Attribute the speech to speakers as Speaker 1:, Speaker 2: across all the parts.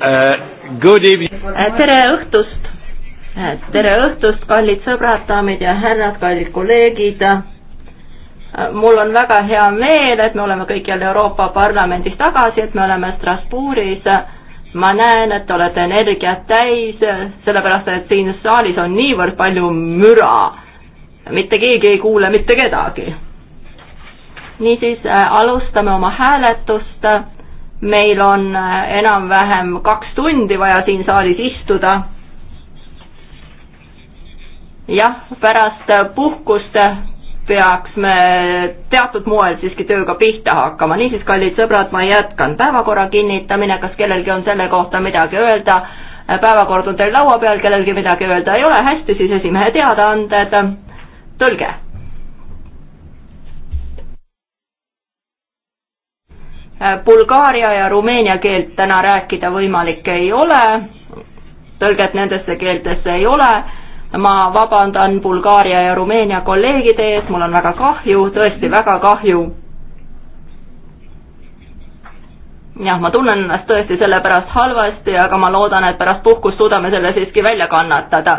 Speaker 1: Uh, good evening. Uh, tere
Speaker 2: õhtust, uh, tere õhtust, kallid sõbrad, daamid ja härrad, kallid kolleegid. mul on väga hea meel, et me oleme kõik jälle Euroopa Parlamendis tagasi, et me oleme Strasbourgis. ma näen, et te olete energiat täis, sellepärast et siin saalis on niivõrd palju müra. mitte keegi ei kuule mitte kedagi. niisiis alustame oma hääletust meil on äh, enam-vähem kaks tundi vaja siin saalis istuda. jah, pärast äh, puhkust äh, peaks me teatud moel siiski tööga pihta hakkama, niisiis, kallid sõbrad, ma jätkan päevakorra kinnitamine, kas kellelgi on selle kohta midagi öelda, päevakord on teil laua peal, kellelgi midagi öelda ei ole, hästi, siis esimehe teadaanded, tulge Äh, bulgaaria ja rumeenia keelt täna rääkida võimalik ei ole, tõlget nendesse keeltesse ei ole, ma vabandan Bulgaaria ja Rumeenia kolleegide ees, mul on väga kahju, tõesti väga kahju. jah, ma tunnen ennast tõesti selle pärast halvasti, aga ma loodan, et pärast puhkust suudame selle siiski välja kannatada.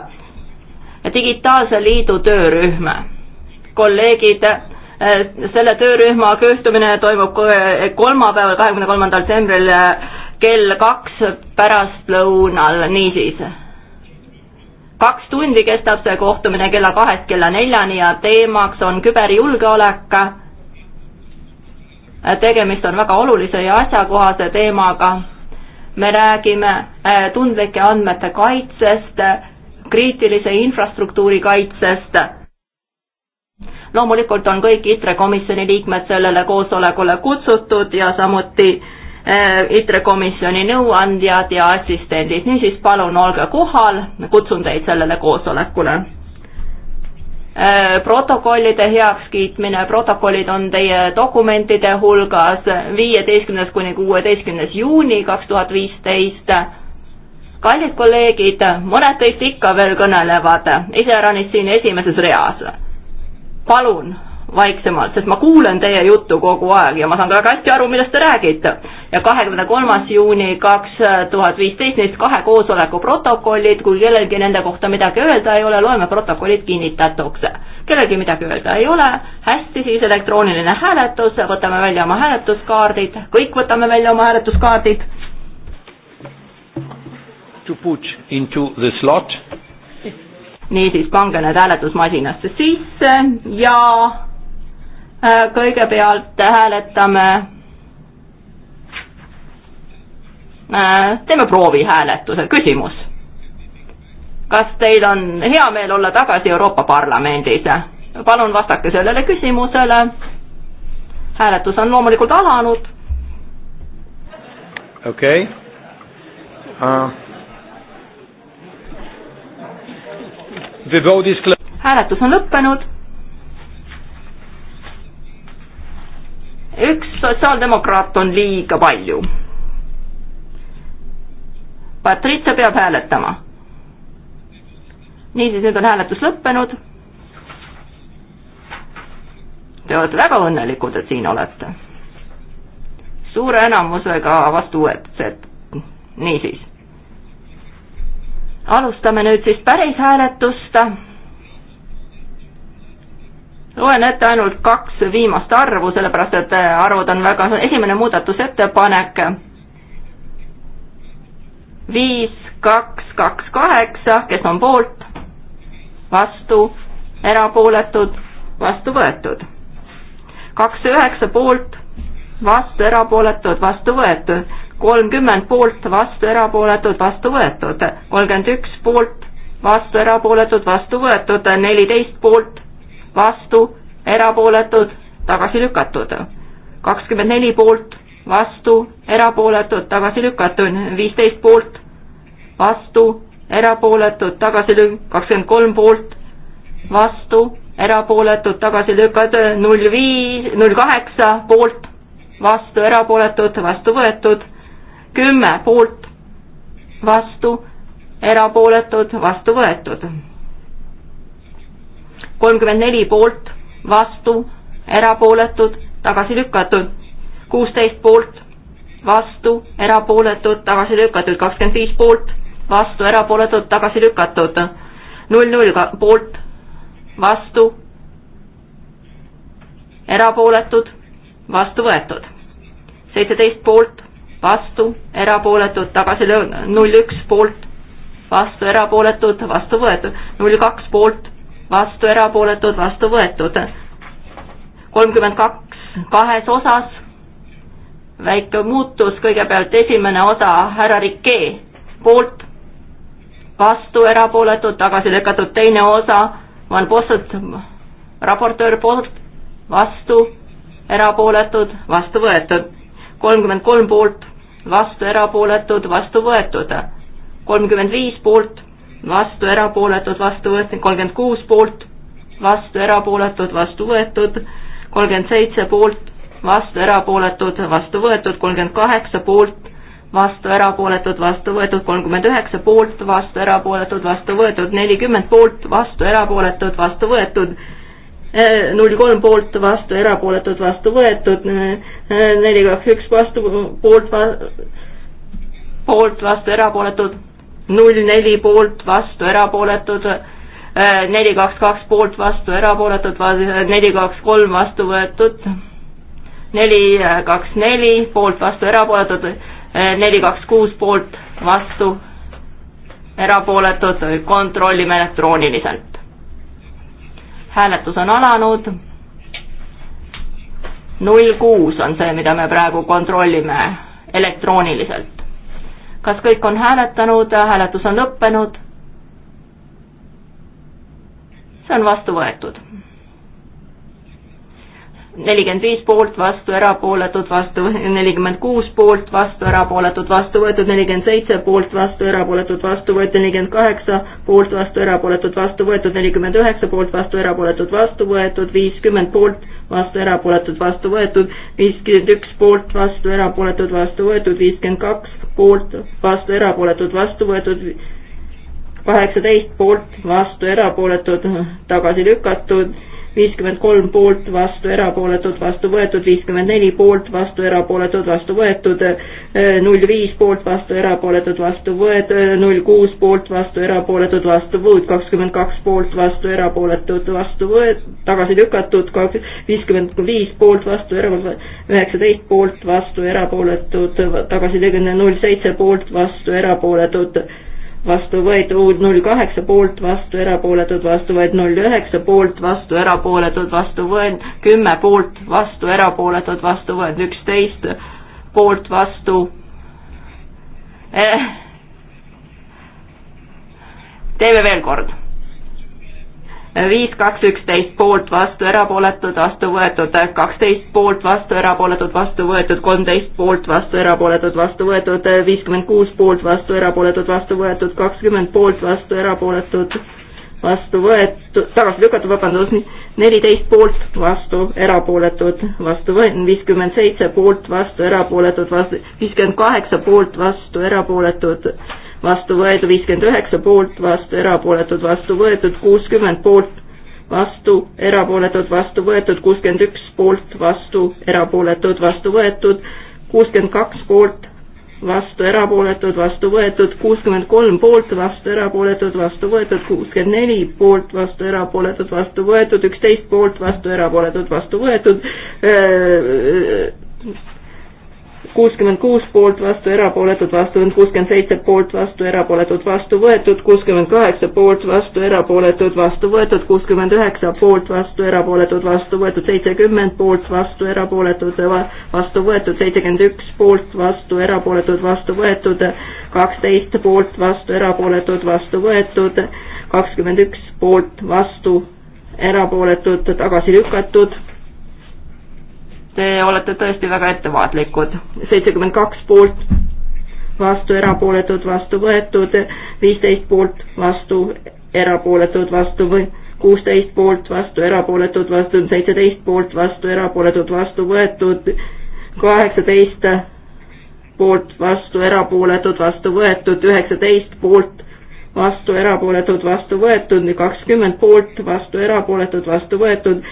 Speaker 2: digitaalse liidu töörühm, kolleegid Äh, selle töörühma kohtumine toimub eh, kolmapäeval, kahekümne kolmandal detsembril äh, kell kaks pärastlõunal, niisiis. kaks tundi kestab see kohtumine kella kahest kella neljani ja teemaks on küberjulgeolek. Äh, tegemist on väga olulise ja asjakohase teemaga. me räägime tundlike andmete kaitsest, kriitilise infrastruktuuri kaitsest loomulikult on kõik ITRE komisjoni liikmed sellele koosolekule kutsutud ja samuti äh, ITRE komisjoni nõuandjad ja assistendid, niisiis palun olge kohal, kutsun teid sellele koosolekule. Äh, protokollide heakskiitmine, protokollid on teie dokumentide hulgas viieteistkümnes kuni kuueteistkümnes juuni kaks tuhat viisteist kallid kolleegid, mõned teist ikka veel kõnelevad, iseäranis siin esimeses reas palun vaiksemalt, sest ma kuulen teie juttu kogu aeg ja ma saan ka väga hästi aru, millest te räägite. ja kahekümne kolmas juuni kaks tuhat viisteist, neist kahe koosoleku protokollid, kui kellelgi nende kohta midagi öelda ei ole, loeme protokollid kinnitatuks. kellelgi midagi öelda ei ole, hästi, siis elektrooniline hääletus, võtame välja oma hääletuskaardid, kõik võtame välja oma hääletuskaardid.
Speaker 3: To put into the slot
Speaker 2: niisiis, pange need hääletusmasinasse sisse ja äh, kõigepealt hääletame, äh, teeme proovihääletuse, küsimus. kas teil on hea meel olla tagasi Euroopa Parlamendis? palun vastake sellele küsimusele. hääletus on loomulikult alanud.
Speaker 3: okei okay. uh hääletus on lõppenud.
Speaker 2: üks sotsiaaldemokraat on liiga palju. Patrice peab hääletama. niisiis, nüüd on hääletus lõppenud. Te olete väga õnnelikud, et siin olete. suure enamusega vastu võetud, niisiis alustame nüüd siis päris hääletust. loen ette ainult kaks viimast arvu, sellepärast et arvud on väga, esimene muudatusettepanek viis, kaks, kaks, kaheksa, kes on poolt, vastu, erapooletud, vastu võetud. kaks üheksa poolt, vastu, erapooletud, vastu võetud kolmkümmend poolt, vastu, erapooletud, vastu võetud, kolmkümmend üks poolt, vastu, erapooletud, vastu võetud, neliteist poolt, vastu, erapooletud, tagasi lükatud. kakskümmend neli poolt, vastu, erapooletud, tagasi lükatud, viisteist poolt, vastu, erapooletud, tagasi lü-, kakskümmend kolm poolt, vastu, erapooletud, tagasi lükatud, null viis, null kaheksa poolt, vastu, erapooletud, vastu võetud kümme poolt, vastu, erapooletud, vastu võetud. kolmkümmend neli poolt, vastu, erapooletud, tagasi lükatud. kuusteist poolt, vastu, erapooletud, tagasi lükatud. kakskümmend viis poolt, vastu, erapooletud, tagasi lükatud. null null poolt, vastu, erapooletud, vastu võetud. seitseteist poolt, vastu, erapooletud, tagasi löönud, null üks poolt, vastu, erapooletud, vastu võetud, null kaks poolt, vastu, erapooletud, vastu võetud. kolmkümmend kaks kahes osas, väike muutus, kõigepealt esimene osa, härra Rikee, poolt, vastu, erapooletud, tagasi lükatud, teine osa, Van Bossut, raportöör poolt, vastu, erapooletud, vastu võetud kolmkümmend kolm poolt, vastu erapooletud, vastu võetud. kolmkümmend viis poolt, vastu erapooletud, vastu võetud, kolmkümmend kuus poolt, vastu erapooletud, vastu võetud, kolmkümmend seitse poolt, vastu erapooletud, vastu võetud, kolmkümmend kaheksa poolt, vastu erapooletud, vastu võetud, kolmkümmend üheksa poolt, vastu erapooletud, vastu võetud, nelikümmend poolt, vastu erapooletud, vastu võetud Äh, null kolm poolt vastu, erapooletud vastu võetud, äh, neli kaks üks vastu, poolt va-, poolt vastu, erapooletud, null neli poolt vastu, erapooletud, äh, neli kaks kaks poolt vastu, erapooletud, neli kaks kolm vastu võetud, neli kaks neli poolt vastu, erapooletud, neli kaks kuus poolt vastu, erapooletud, kontrollime elektrooniliselt hääletus on alanud. null kuus on see, mida me praegu kontrollime elektrooniliselt. kas kõik on hääletanud, hääletus on lõppenud? see on vastu võetud nelikümmend viis poolt, vastu, erapooletud, vastu nelikümmend kuus poolt, vastu, erapooletud, vastu võetud nelikümmend seitse poolt, vastu, erapooletud, vastu võetud nelikümmend kaheksa poolt, vastu, erapooletud, vastu võetud nelikümmend üheksa poolt, vastu, erapooletud, vastu võetud viiskümmend poolt, vastu, erapooletud, vastu võetud viiskümmend üks poolt, vastu, erapooletud, vastu võetud viiskümmend kaks poolt, vastu, erapooletud, vastu võetud kaheksateist poolt, vastu, erapooletud, tagasi lükatud viiskümmend kolm poolt, vastu erapooletud, vastu võetud, viiskümmend neli poolt, vastu erapooletud, vastu võetud, null viis poolt, vastu erapooletud, vastu võetud, null kuus poolt, vastu erapooletud, vastu võetud, kakskümmend kaks poolt, vastu erapooletud, vastu võetud, tagasi lükatud, viiskümmend viis poolt, vastu erapooletud, üheksateist poolt, vastu erapooletud, tagasi lükatud, null seitse poolt, vastu erapooletud, vastu võetud null kaheksa poolt, vastu erapooletud, vastu võetud null üheksa poolt, vastu erapooletud, vastu võetud kümme poolt, vastu erapooletud, vastu võetud üksteist poolt, vastu eh.. teeme veel kord viis, kaks, üksteist poolt vastu, erapooletud, vastu võetud, kaksteist poolt vastu, erapooletud, vastu võetud, kolmteist poolt vastu, erapooletud, vastu võetud, viiskümmend kuus poolt vastu, erapooletud, vastu võetud, kakskümmend poolt vastu, erapooletud, vastu võetud, tagasi lükatud, vabandust, neliteist poolt vastu, erapooletud, vastu võetud, viiskümmend seitse poolt vastu, erapooletud, vastu, viiskümmend kaheksa poolt vastu, erapooletud, vastu võetud, viiskümmend üheksa poolt, vastu erapooletud, vastu võetud, kuuskümmend poolt, vastu erapooletud, vastu võetud, kuuskümmend üks poolt, vastu erapooletud, vastu võetud, kuuskümmend kaks poolt, vastu erapooletud, vastu võetud, kuuskümmend kolm poolt, vastu erapooletud, vastu võetud, kuuskümmend neli poolt, vastu erapooletud, vastu võetud, üksteist poolt, vastu erapooletud, vastu võetud, kuuskümmend kuus poolt vastu, erapooletud vastu võetud, kuuskümmend seitse poolt vastu, erapooletud vastu võetud, kuuskümmend kaheksa poolt vastu, erapooletud vastu võetud, kuuskümmend üheksa poolt vastu, erapooletud vastu võetud, seitsekümmend poolt vastu, erapooletud vastu võetud, seitsekümmend üks poolt vastu, erapooletud vastu võetud, kaksteist poolt vastu, erapooletud vastu võetud, kakskümmend üks poolt vastu, erapooletud tagasi lükatud Te olete tõesti väga ettevaatlikud. seitsekümmend kaks poolt, vastu erapooletud, vastu võetud, viisteist poolt, vastu erapooletud, vastu või kuusteist poolt, vastu erapooletud, vastu seitseteist poolt, vastu erapooletud, vastu võetud, kaheksateist poolt, vastu erapooletud, vastu võetud, üheksateist poolt, vastu erapooletud, vastu võetud, kakskümmend poolt, vastu erapooletud, vastu võetud,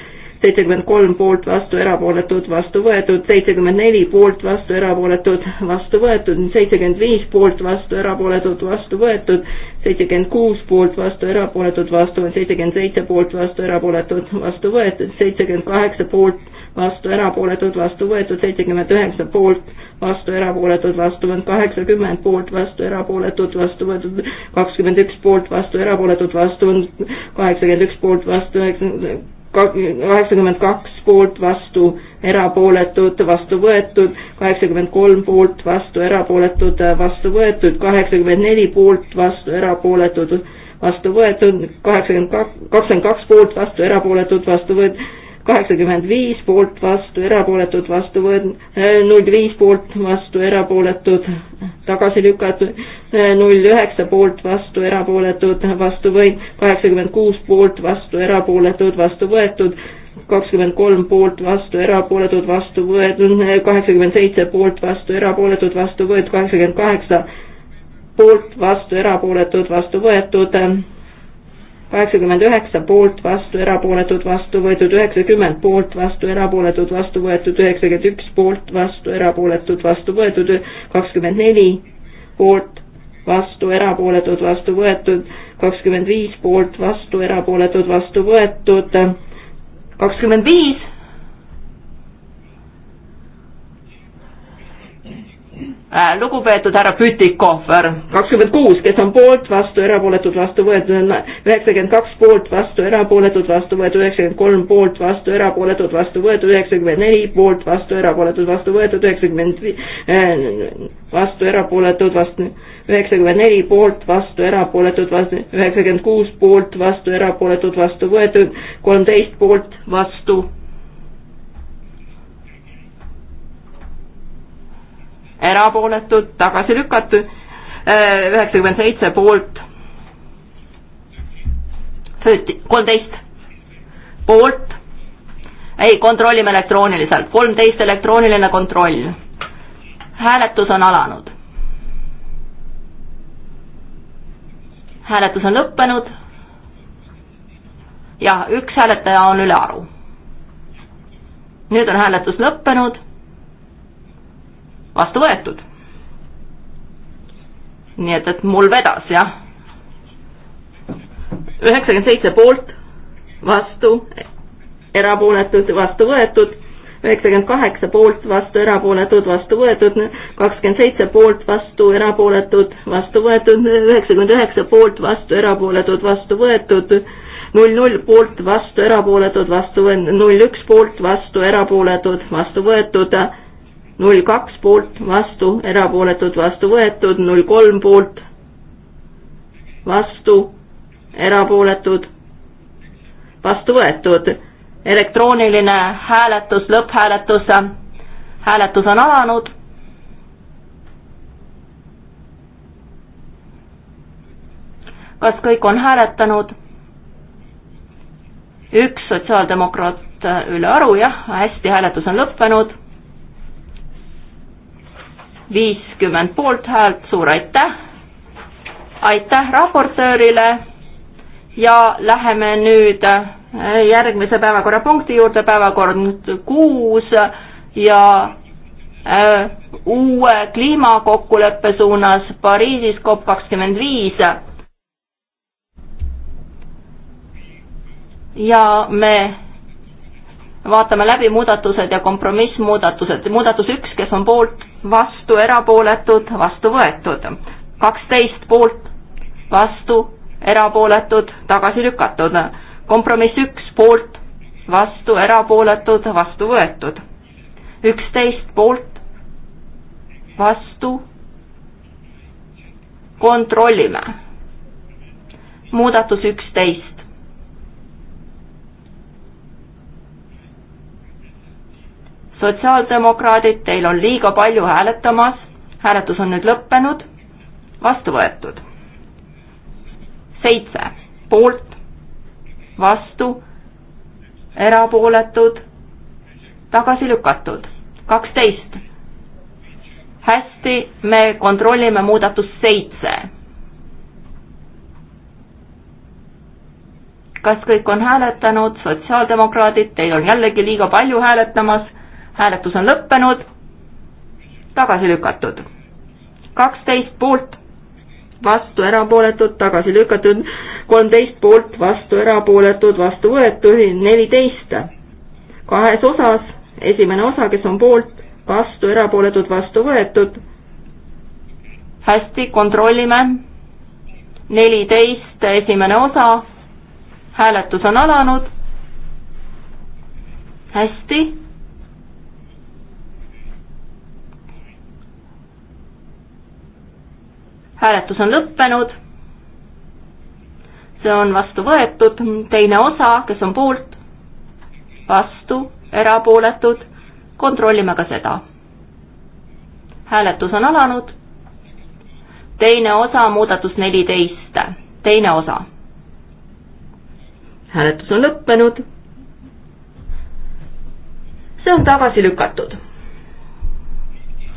Speaker 2: seitsekümmend kolm poolt vastu, erapooletud, vastu võetud, seitsekümmend neli poolt vastu, erapooletud, vastu võetud, seitsekümmend viis poolt vastu, erapooletud, vastu võetud, seitsekümmend kuus poolt vastu, erapooletud, vastu, seitsekümmend seitse poolt vastu, erapooletud, vastu võetud, seitsekümmend kaheksa poolt vastu, erapooletud, vastu võetud, seitsekümmend üheksa poolt vastu, erapooletud, vastu võetud, kaheksakümmend poolt vastu, erapooletud, vastu võetud, kakskümmend üks poolt vastu, erapooletud, vastu võetud, kaheksakümmend üks poolt vastu, üheksakümmend kaheksakümmend kaks poolt, vastu, erapooletud, vastu võetud, kaheksakümmend kolm poolt, vastu, erapooletud, vastu võetud, kaheksakümmend neli poolt, vastu, erapooletud, vastu võetud, kaheksakümmend kaks, kakskümmend kaks poolt, vastu, erapooletud, vastu võetud, kaheksakümmend viis poolt vastu, erapooletud vastu võetud, eh, null viis poolt vastu, erapooletud tagasi lükatud, eh, null üheksa poolt vastu, erapooletud vastu võetud, kaheksakümmend kuus poolt vastu, erapooletud vastu võetud, kakskümmend kolm poolt vastu, erapooletud vastu võetud, eh, kaheksakümmend seitse poolt vastu, erapooletud vastu võetud, kaheksakümmend kaheksa poolt vastu, erapooletud vastu võetud kaheksakümmend üheksa poolt vastu, erapooletud vastu võetud üheksakümmend poolt vastu, erapooletud vastu võetud üheksakümmend üks poolt vastu, erapooletud vastu võetud kakskümmend neli poolt vastu, erapooletud vastu võetud kakskümmend viis poolt vastu, erapooletud vastu võetud kakskümmend viis Äh, lugupeetud härra Pütikohver, kakskümmend kuus, kes on poolt, vastu, erapooletud, vastu võetud, üheksakümmend kaks poolt, vastu, erapooletud, vastu võetud, üheksakümmend kolm poolt, vastu, erapooletud, vastu võetud, üheksakümmend neli poolt, vastu, erapooletud, vastu võetud, üheksakümmend äh, vastu, erapooletud, vastu üheksakümmend neli poolt, vastu, erapooletud, vastu üheksakümmend kuus poolt, vastu, erapooletud, vastu võetud, kolmteist poolt, vastu erapooletud, tagasi lükatud, äh, üheksakümmend seitse poolt, kolmteist poolt, ei, kontrollime elektrooniliselt, kolmteist elektrooniline kontroll. hääletus on alanud. hääletus on lõppenud. jah, üks hääletaja on ülearu. nüüd on hääletus lõppenud vastu võetud. nii et, et mul vedas, jah. üheksakümmend seitse poolt, vastu, erapooletud, vastu võetud, üheksakümmend kaheksa poolt, vastu, erapooletud, vastu võetud, kakskümmend seitse poolt, vastu, erapooletud, vastu võetud, üheksakümmend üheksa poolt, vastu, erapooletud, vastu võetud, null null poolt, vastu, erapooletud, vastu võetud, null üks poolt, vastu, erapooletud, vastu võetud, null kaks poolt, vastu, erapooletud, vastu võetud, null kolm poolt, vastu, erapooletud, vastu võetud. elektrooniline hääletus, lõpphääletus, hääletus on alanud. kas kõik on hääletanud? üks sotsiaaldemokraat üle aru, jah, hästi, hääletus on lõppenud viiskümmend poolthäält, suur aitäh. aitäh raportöörile ja läheme nüüd äh, järgmise päevakorrapunkti juurde, päevakord kuus ja äh, uue kliimakokkuleppe suunas Pariisis COP kakskümmend viis. ja me vaatame läbi muudatused ja kompromissmuudatused. muudatus üks, kes on poolt, vastu, erapooletud, vastu võetud. kaksteist poolt, vastu, erapooletud, tagasi lükatud. kompromiss üks poolt, vastu, erapooletud, vastu võetud. üksteist poolt, vastu, kontrollime. muudatus üksteist. sotsiaaldemokraadid, teil on liiga palju hääletamas, hääletus on nüüd lõppenud, vastu võetud. seitse poolt, vastu, erapooletud, tagasi lükatud, kaksteist. hästi, me kontrollime muudatust seitse. kas kõik on hääletanud, sotsiaaldemokraadid, teil on jällegi liiga palju hääletamas hääletus on lõppenud, tagasi lükatud. kaksteist poolt, vastu erapooletud, tagasi lükatud, kolmteist poolt, vastu erapooletud, vastu võetud, neliteist. kahes osas, esimene osa, kes on poolt, vastu erapooletud, vastu võetud. hästi, kontrollime. neliteist, esimene osa, hääletus on alanud. hästi hääletus on lõppenud. see on vastu võetud, teine osa, kes on poolt, vastu, erapooletud, kontrollime ka seda. hääletus on alanud. teine osa, muudatus neliteist, teine osa. hääletus on lõppenud. see on tagasi lükatud.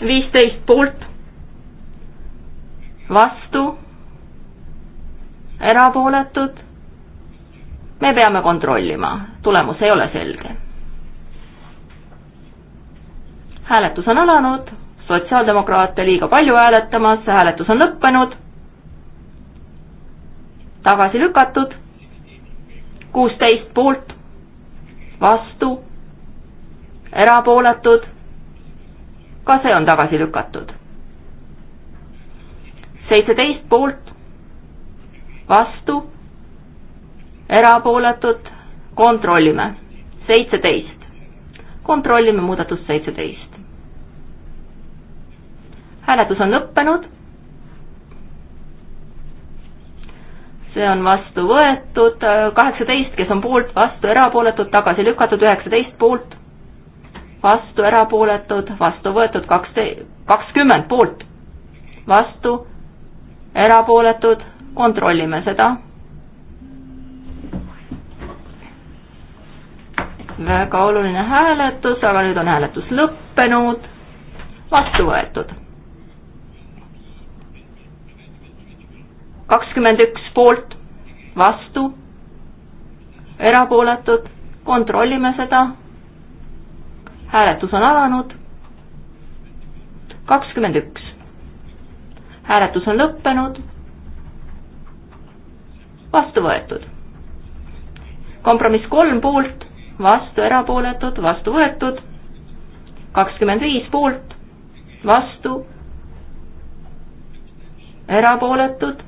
Speaker 2: viisteist poolt vastu, erapooletud. me peame kontrollima, tulemus ei ole selge. hääletus on alanud, sotsiaaldemokraate liiga palju hääletamas, hääletus on lõppenud, tagasi lükatud, kuusteist poolt, vastu, erapooletud, ka see on tagasi lükatud seitseteist poolt, vastu, erapooletud, kontrollime, seitseteist. kontrollime muudatust seitseteist. hääletus on lõppenud. see on vastu võetud, kaheksateist, kes on poolt, vastu, erapooletud, tagasi lükatud, üheksateist poolt, vastu, erapooletud, vastu võetud, kaksteist, kakskümmend poolt, vastu erapooletud, kontrollime seda. väga oluline hääletus, aga nüüd on hääletus lõppenud, vastu võetud. kakskümmend üks poolt, vastu, erapooletud, kontrollime seda. hääletus on alanud kakskümmend üks hääletus on lõppenud. vastu võetud. kompromiss kolm poolt, vastu erapooletud, vastu võetud. kakskümmend viis poolt, vastu, erapooletud.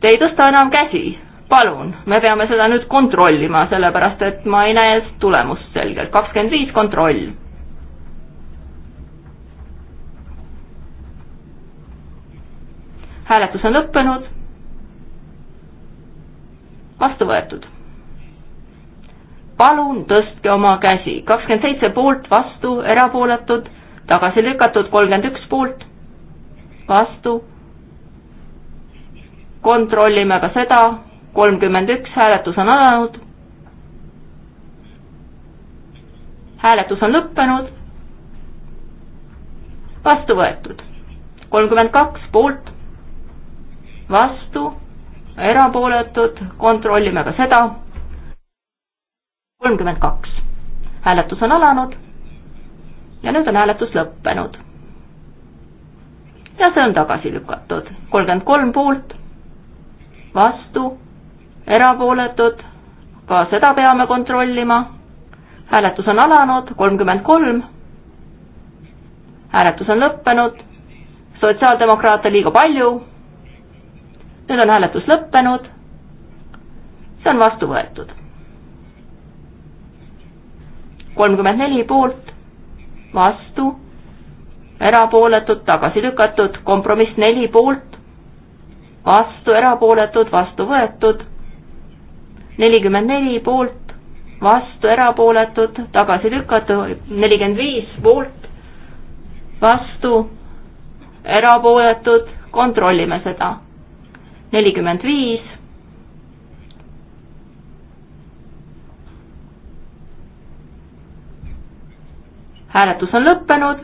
Speaker 2: Te ei tõsta enam käsi, palun, me peame seda nüüd kontrollima, sellepärast et ma ei näe tulemust selgelt, kakskümmend viis kontroll hääletus on lõppenud. vastu võetud. palun tõstke oma käsi, kakskümmend seitse poolt, vastu, erapooletud, tagasi lükatud, kolmkümmend üks poolt, vastu. kontrollime ka seda, kolmkümmend üks, hääletus on alanud. hääletus on lõppenud. vastu võetud kolmkümmend kaks poolt, vastu, erapooletud, kontrollime ka seda. kolmkümmend kaks. hääletus on alanud ja nüüd on hääletus lõppenud. ja see on tagasi lükatud, kolmkümmend kolm poolt, vastu, erapooletud, ka seda peame kontrollima. hääletus on alanud, kolmkümmend kolm. hääletus on lõppenud, sotsiaaldemokraate liiga palju nüüd on hääletus lõppenud, see on vastu võetud. kolmkümmend neli poolt, vastu, erapooletud, tagasi lükatud, kompromiss neli poolt, vastu, erapooletud, vastu võetud, nelikümmend neli poolt, vastu, erapooletud, tagasi lükatud, nelikümmend viis poolt, vastu, erapooletud, kontrollime seda nelikümmend viis. hääletus on lõppenud.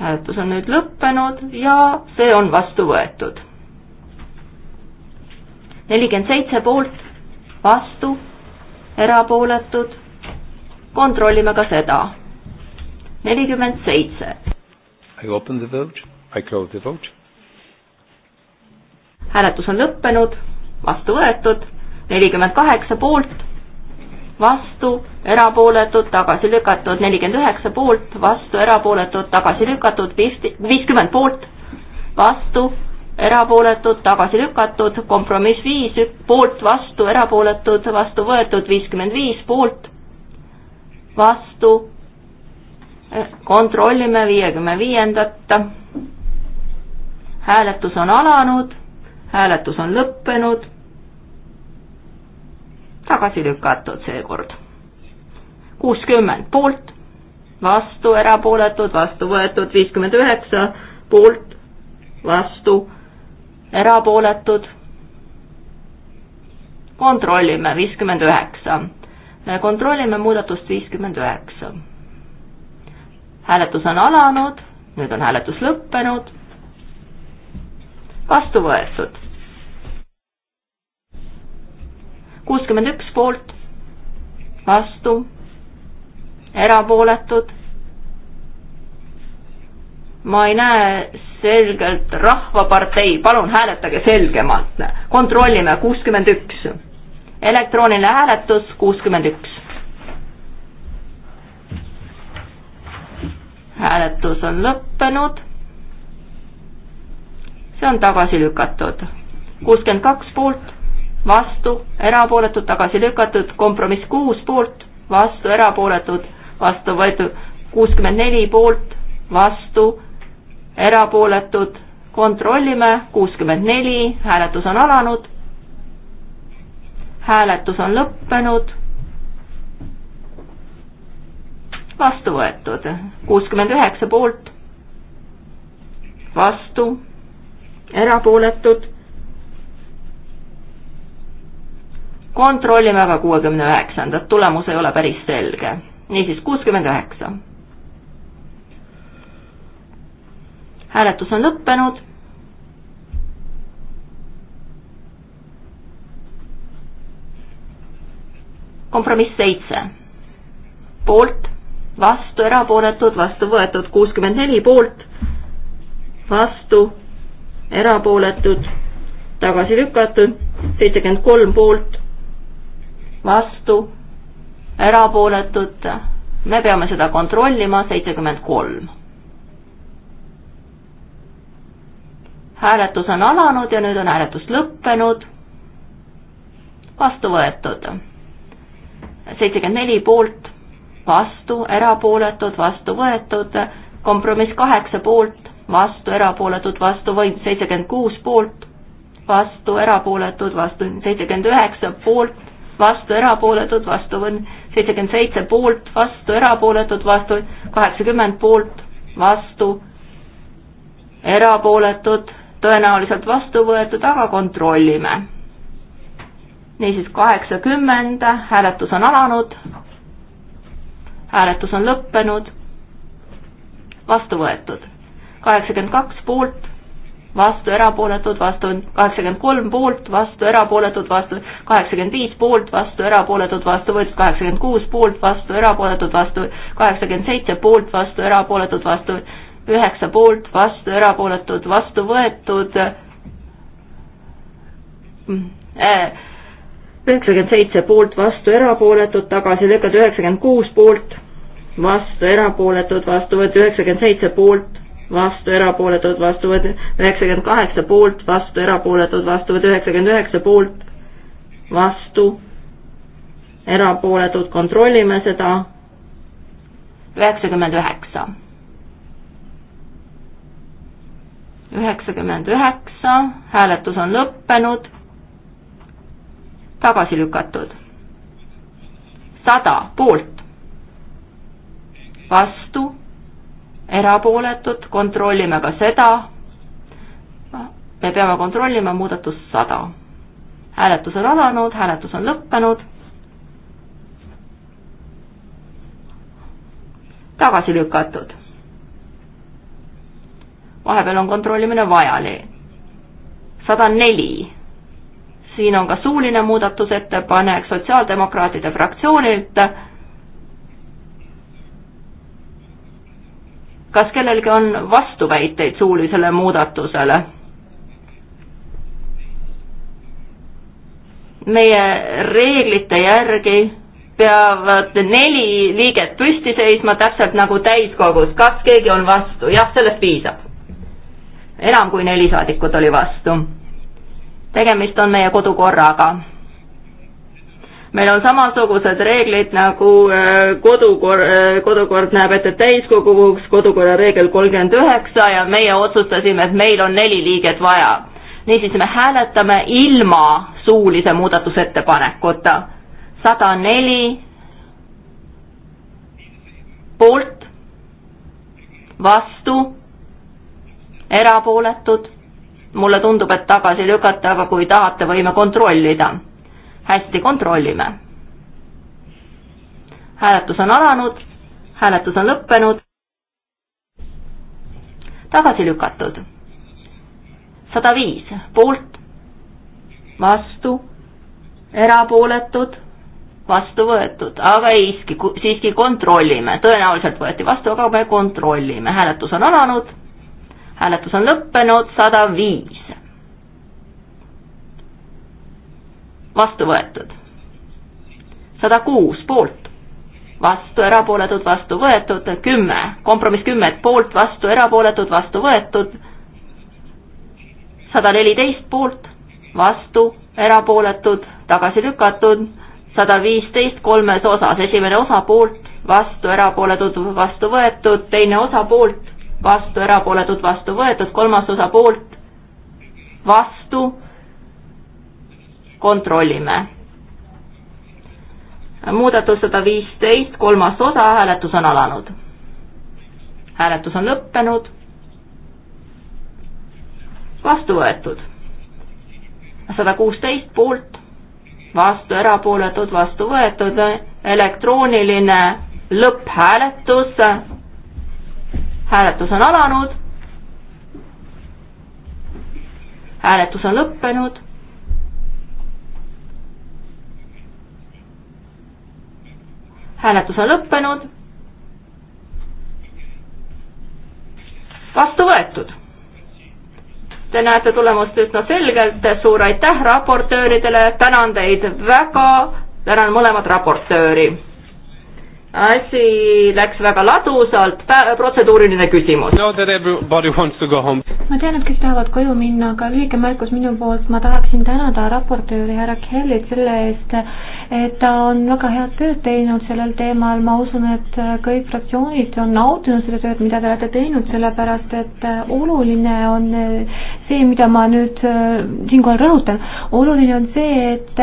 Speaker 2: hääletus on nüüd lõppenud ja see on vastu võetud. nelikümmend seitse poolt, vastu, erapooletud. kontrollime ka seda. nelikümmend seitse.
Speaker 3: I open the vote I close the vote.
Speaker 2: hääletus on lõppenud, vastu võetud, nelikümmend kaheksa poolt, vastu, erapooletud, tagasi lükatud, nelikümmend üheksa poolt, vastu, erapooletud, tagasi lükatud, viiskümmend poolt, vastu, erapooletud, tagasi lükatud, kompromiss viis, poolt, vastu, erapooletud, vastu võetud, viiskümmend viis poolt, vastu, kontrollime viiekümne viiendat hääletus on alanud, hääletus on lõppenud, tagasi lükatud seekord. kuuskümmend poolt, vastu, erapooletud, vastu võetud, viiskümmend üheksa poolt, vastu, erapooletud, kontrollime, viiskümmend üheksa. kontrollime muudatust viiskümmend üheksa. hääletus on alanud, nüüd on hääletus lõppenud vastu võetud. kuuskümmend üks poolt, vastu, erapooletud. ma ei näe selgelt Rahvapartei, palun hääletage selgemalt, kontrollime, kuuskümmend üks. elektrooniline hääletus, kuuskümmend üks. hääletus on lõppenud see on tagasi lükatud. kuuskümmend kaks poolt, vastu, erapooletud, tagasi lükatud, kompromiss kuus poolt, vastu, erapooletud, vastu võetud, kuuskümmend neli poolt, vastu, erapooletud, kontrollime, kuuskümmend neli, hääletus on alanud, hääletus on lõppenud, vastu võetud, kuuskümmend üheksa poolt, vastu erapooletud. kontrollime aga kuuekümne üheksandat, tulemus ei ole päris selge. niisiis, kuuskümmend üheksa. hääletus on lõppenud. kompromiss seitse, poolt, vastu, erapooletud, vastu võetud kuuskümmend neli poolt, vastu erapooletud, tagasi lükatud, seitsekümmend kolm poolt, vastu, erapooletud, me peame seda kontrollima, seitsekümmend kolm. hääletus on alanud ja nüüd on hääletus lõppenud, vastu võetud, seitsekümmend neli poolt, vastu, erapooletud, vastu võetud, kompromiss kaheksa poolt vastu, erapooletud, vastu võim-, seitsekümmend kuus poolt, vastu, erapooletud, vastu seitsekümmend üheksa poolt, vastu, erapooletud, vastu võim-, seitsekümmend seitse poolt, vastu, erapooletud, vastu kaheksakümmend poolt, vastu, erapooletud, tõenäoliselt vastu võetud, aga kontrollime. niisiis, kaheksakümmend, hääletus on alanud, hääletus on lõppenud, vastu võetud kaheksakümmend kaks poolt, vastu erapooletud, vastu kaheksakümmend kolm poolt, vastu erapooletud, vastu kaheksakümmend viis poolt, vastu erapooletud, vastu võetud kaheksakümmend kuus poolt, vastu erapooletud, vastu kaheksakümmend seitse poolt, vastu erapooletud, vastu üheksa poolt, vastu erapooletud, vastu võetud mm, äh, üheksakümmend seitse poolt, vastu erapooletud, tagasi lükatud üheksakümmend kuus poolt, vastu erapooletud, vastu võetud üheksakümmend seitse poolt, vastu, erapooletud, vastu võetud üheksakümmend kaheksa poolt, vastu, erapooletud, vastu võetud üheksakümmend üheksa poolt, vastu, erapooletud, kontrollime seda, üheksakümmend üheksa. üheksakümmend üheksa, hääletus on lõppenud, tagasi lükatud. sada poolt, vastu erapooletud, kontrollime ka seda. me peame kontrollima muudatust sada. hääletus on alanud, hääletus on lõppenud. tagasi lükatud. vahepeal on kontrollimine vajalik. sada neli. siin on ka suuline muudatusettepanek sotsiaaldemokraatide fraktsioonilt kas kellelgi on vastuväiteid suulisele muudatusele? meie reeglite järgi peavad neli liiget püsti seisma, täpselt nagu täiskogus. kas keegi on vastu? jah, sellest piisab. enam kui neli saadikut oli vastu. tegemist on meie kodukorraga meil on samasugused reeglid nagu äh, kodukor-, äh, kodukord näeb ette täiskogu puhuks, kodukorra reegel kolmkümmend üheksa ja meie otsustasime, et meil on neli liiget vaja. niisiis, me hääletame ilma suulise muudatusettepanekuta. sada neli poolt, vastu, erapooletud, mulle tundub, et tagasi lükata, aga kui tahate, võime kontrollida hästi, kontrollime. hääletus on alanud, hääletus on lõppenud, tagasi lükatud. sada viis poolt, vastu, erapooletud, vastu võetud, aga siiski, siiski kontrollime, tõenäoliselt võeti vastu, aga me kontrollime, hääletus on alanud, hääletus on lõppenud, sada viis vastu võetud. sada kuus poolt, vastu erapooletud, vastu võetud, kümme, kompromiss kümme, et poolt, vastu erapooletud, vastu võetud, sada neliteist poolt, vastu erapooletud, tagasi lükatud, sada viisteist kolmes osas, esimene osa poolt, vastu erapooletud, vastu võetud, teine osa poolt, vastu erapooletud, vastu võetud, kolmas osa poolt, vastu kontrollime. muudatus sada viisteist, kolmas osa, hääletus on alanud. hääletus on lõppenud. vastu võetud. sada kuusteist poolt, vastu erapooletud, vastu võetud, elektrooniline lõpphääletus. hääletus on alanud hääletus on lõppenud hääletus on lõppenud. vastu võetud. Te näete tulemust üsna selgelt, suur aitäh raportööridele, tänan teid väga, tänan mõlemat raportööri asi läks väga ladusalt, protseduuriline küsimus. ma
Speaker 3: tean, et kõik tahavad koju minna, aga lühike märkus minu poolt, ma tahaksin tänada raportööri härra Kellyt selle eest, et ta on väga head tööd teinud sellel teemal, ma usun, et kõik fraktsioonid on nautinud seda tööd, mida te olete teinud, sellepärast et oluline on see, mida ma nüüd äh, siinkohal rõhutan, oluline on see, et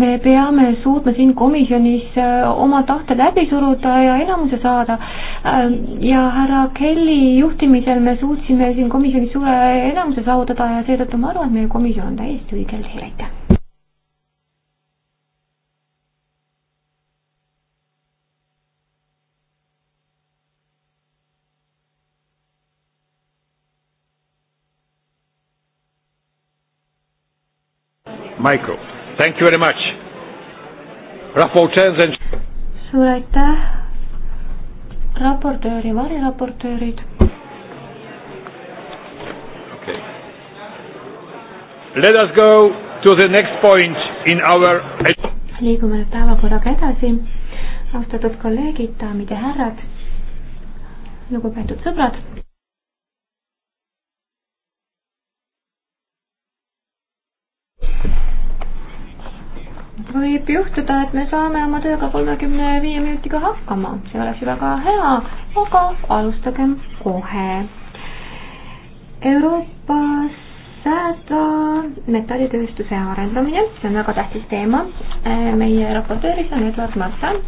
Speaker 3: me peame suutma siin komisjonis äh, oma tahte läbi suruda, suruda ja enamuse saada. Ähm, ja härra Kelly juhtimisel me suutsime siin komisjonis suure enamuse saavutada ja seetõttu ma arvan, et meie komisjon on täiesti õigel teel, aitäh. Michael. Thank you very much. Raporteurs and suur aitäh, raportöör ja variraportöörid. okei
Speaker 1: okay.. Let us go to the next point in our.
Speaker 3: liigume nüüd päevakorraga edasi. austatud kolleegid, daamid ja härrad, lugupeetud sõbrad võib juhtuda, et me saame oma tööga kolmekümne viie minutiga hakkama, see oleks ju väga hea, aga alustagem kohe. Euroopas säästva metallitööstuse arendamine, see on väga tähtis teema. Eh, meie raportööris on Eduard Martin.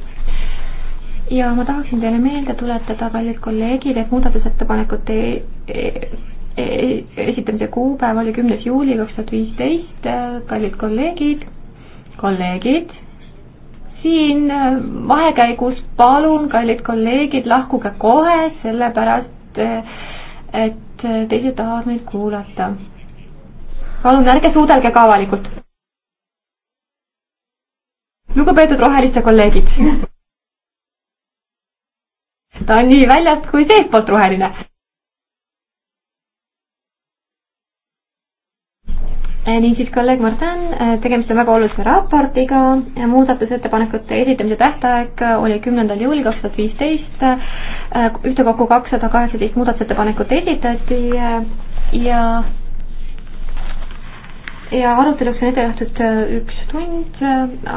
Speaker 3: ja ma tahaksin teile meelde tuletada, kallid kolleegid, et muudatusettepanekute e-, e-, e-, esitamise kuupäev oli kümnes juuli kaks tuhat viisteist, eh, kallid kolleegid kolleegid, siin äh, vahekäigus palun, kallid kolleegid, lahkuge kohe, sellepärast äh, et äh, teised tahavad meid kuulata. palun ärge suudelge ka avalikult. lugupeetud roheliste kolleegid. ta on nii väljast kui seestpoolt roheline Eh, niisiis, kolleeg Martin, eh, tegemist on väga olulise raportiga, eh, muudatusettepanekute esitamise tähtaeg oli kümnendal juulil kaks tuhat viisteist, ühtekokku kakssada kaheksateist muudatusettepanekut esitati ja ja aruteluks on ette nähtud üks tund,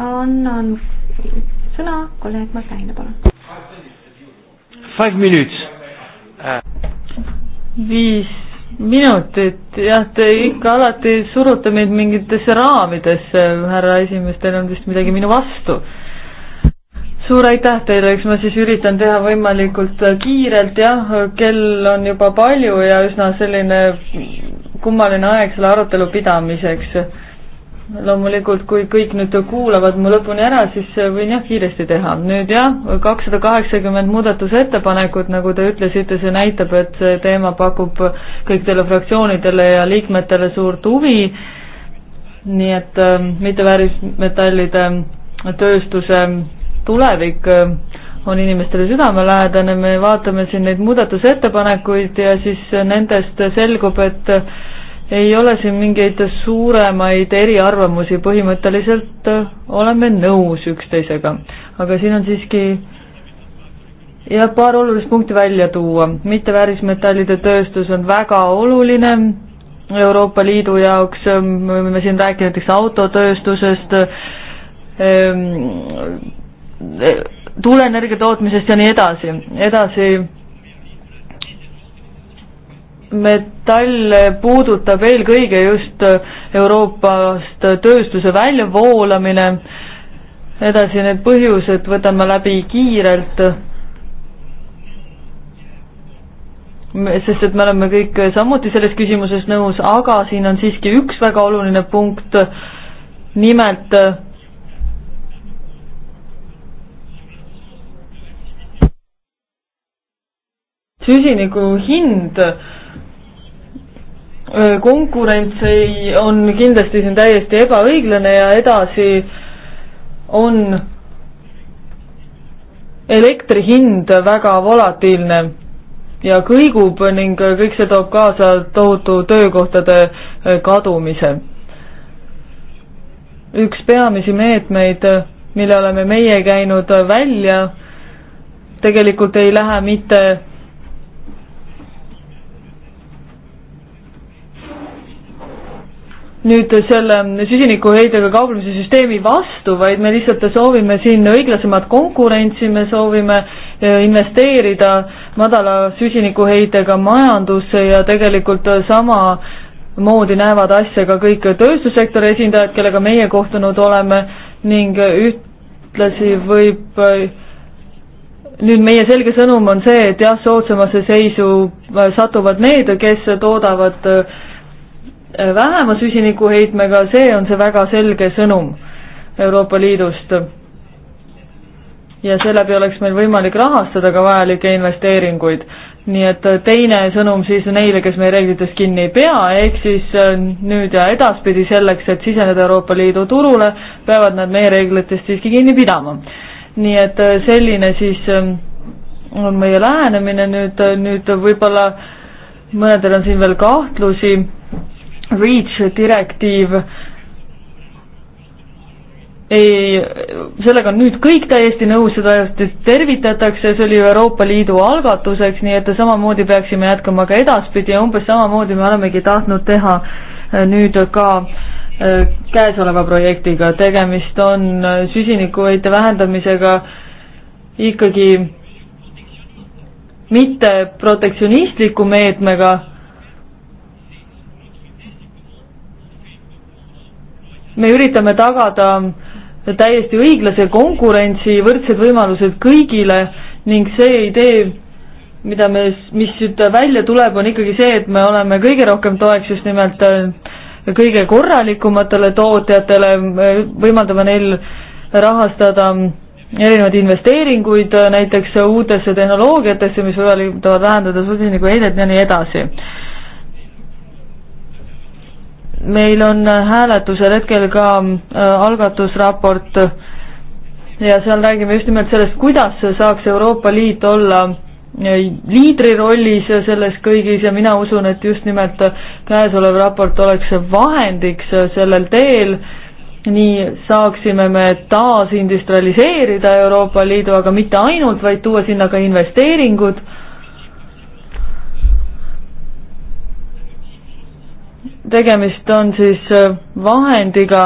Speaker 3: annan sõna kolleeg Martinile, palun.
Speaker 1: viis minutit, jah, te ikka alati surute meid mingitesse raamidesse, härra esimees, teil on vist midagi minu vastu. suur aitäh teile, eks ma siis üritan teha võimalikult kiirelt, jah, kell on juba palju ja üsna selline kummaline aeg selle arutelu pidamiseks loomulikult, kui kõik nüüd kuulavad mu lõpuni ära, siis äh, võin jah, kiiresti teha. nüüd jah, kakssada kaheksakümmend muudatusettepanekut, nagu te ütlesite, see näitab, et see teema pakub kõikidele fraktsioonidele ja liikmetele suurt huvi, nii et ähm, äh, mitteväärismetallide tööstuse tulevik äh, on inimestele südamelähedane, me vaatame siin neid muudatusettepanekuid ja siis äh, nendest selgub, et äh, ei ole siin mingeid suuremaid eriarvamusi, põhimõtteliselt äh, oleme nõus üksteisega. aga siin on siiski jah, paar olulist punkti välja tuua, mitteväärismetallide tööstus on väga oluline Euroopa Liidu jaoks, äh, me oleme siin rääkinud näiteks autotööstusest, ähm, äh, tuuleenergia tootmisest ja nii edasi, edasi metall puudutab eelkõige just Euroopast tööstuse väljavoolamine, edasi need põhjused võtan ma läbi kiirelt, sest et me oleme kõik samuti selles küsimuses nõus, aga siin on siiski üks väga oluline punkt, nimelt süsiniku hind konkurents ei, on kindlasti siin täiesti ebaõiglane ja edasi on elektri hind väga volatiilne ja kõigub ning kõik see toob kaasa tohutu töökohtade kadumise. üks peamisi meetmeid, mille oleme meie käinud välja, tegelikult ei lähe mitte nüüd selle süsinikuheidega kauplemise süsteemi vastu, vaid me lihtsalt soovime siin õiglasemat konkurentsi, me soovime eh, investeerida madala süsinikuheidega majandusse ja tegelikult eh, samamoodi näevad asja ka kõik tööstussektori esindajad, kellega meie kohtunud oleme ning eh, ühtlasi võib nüüd meie selge sõnum on see, et jah, soodsamasse seisu satuvad need, kes toodavad äh, Äh, vähema süsinikuheitmega, see on see väga selge sõnum Euroopa Liidust. ja seeläbi oleks meil võimalik rahastada ka vajalikke investeeringuid. nii et äh, teine sõnum siis neile, kes meie reeglitest kinni ei pea, ehk siis äh, nüüd ja edaspidi selleks, et siseneda Euroopa Liidu turule, peavad nad meie reeglitest siiski kinni pidama. nii et selline siis ähm, on meie lähenemine nüüd, nüüd võib-olla mõnedel on siin veel kahtlusi REACH direktiiv ei, sellega on nüüd kõik täiesti nõus, seda tervitatakse, see oli ju Euroopa Liidu algatuseks, nii et samamoodi peaksime jätkama ka edaspidi ja umbes samamoodi me olemegi tahtnud teha nüüd ka äh, käesoleva projektiga, tegemist on äh, süsinikuheite vähendamisega ikkagi mitte protektsionistliku meetmega me üritame tagada täiesti õiglase konkurentsi, võrdsed võimalused kõigile ning see idee, mida me, mis siit välja tuleb, on ikkagi see, et me oleme kõige rohkem toeks just nimelt äh, kõige korralikumatele tootjatele, võimaldame neil rahastada erinevaid investeeringuid äh, näiteks uutesse tehnoloogiatesse, mis võimaldavad vähendada süsinikuheidet ja nii edasi meil on äh, hääletusel hetkel ka äh, algatusraport ja seal räägime just nimelt sellest, kuidas saaks Euroopa Liit olla äh, liidri rollis selles kõigis ja mina usun, et just nimelt käesolev raport oleks vahendiks sellel teel, nii saaksime me taasindustrialiseerida Euroopa Liidu, aga mitte ainult, vaid tuua sinna ka investeeringud tegemist on siis äh, vahendiga,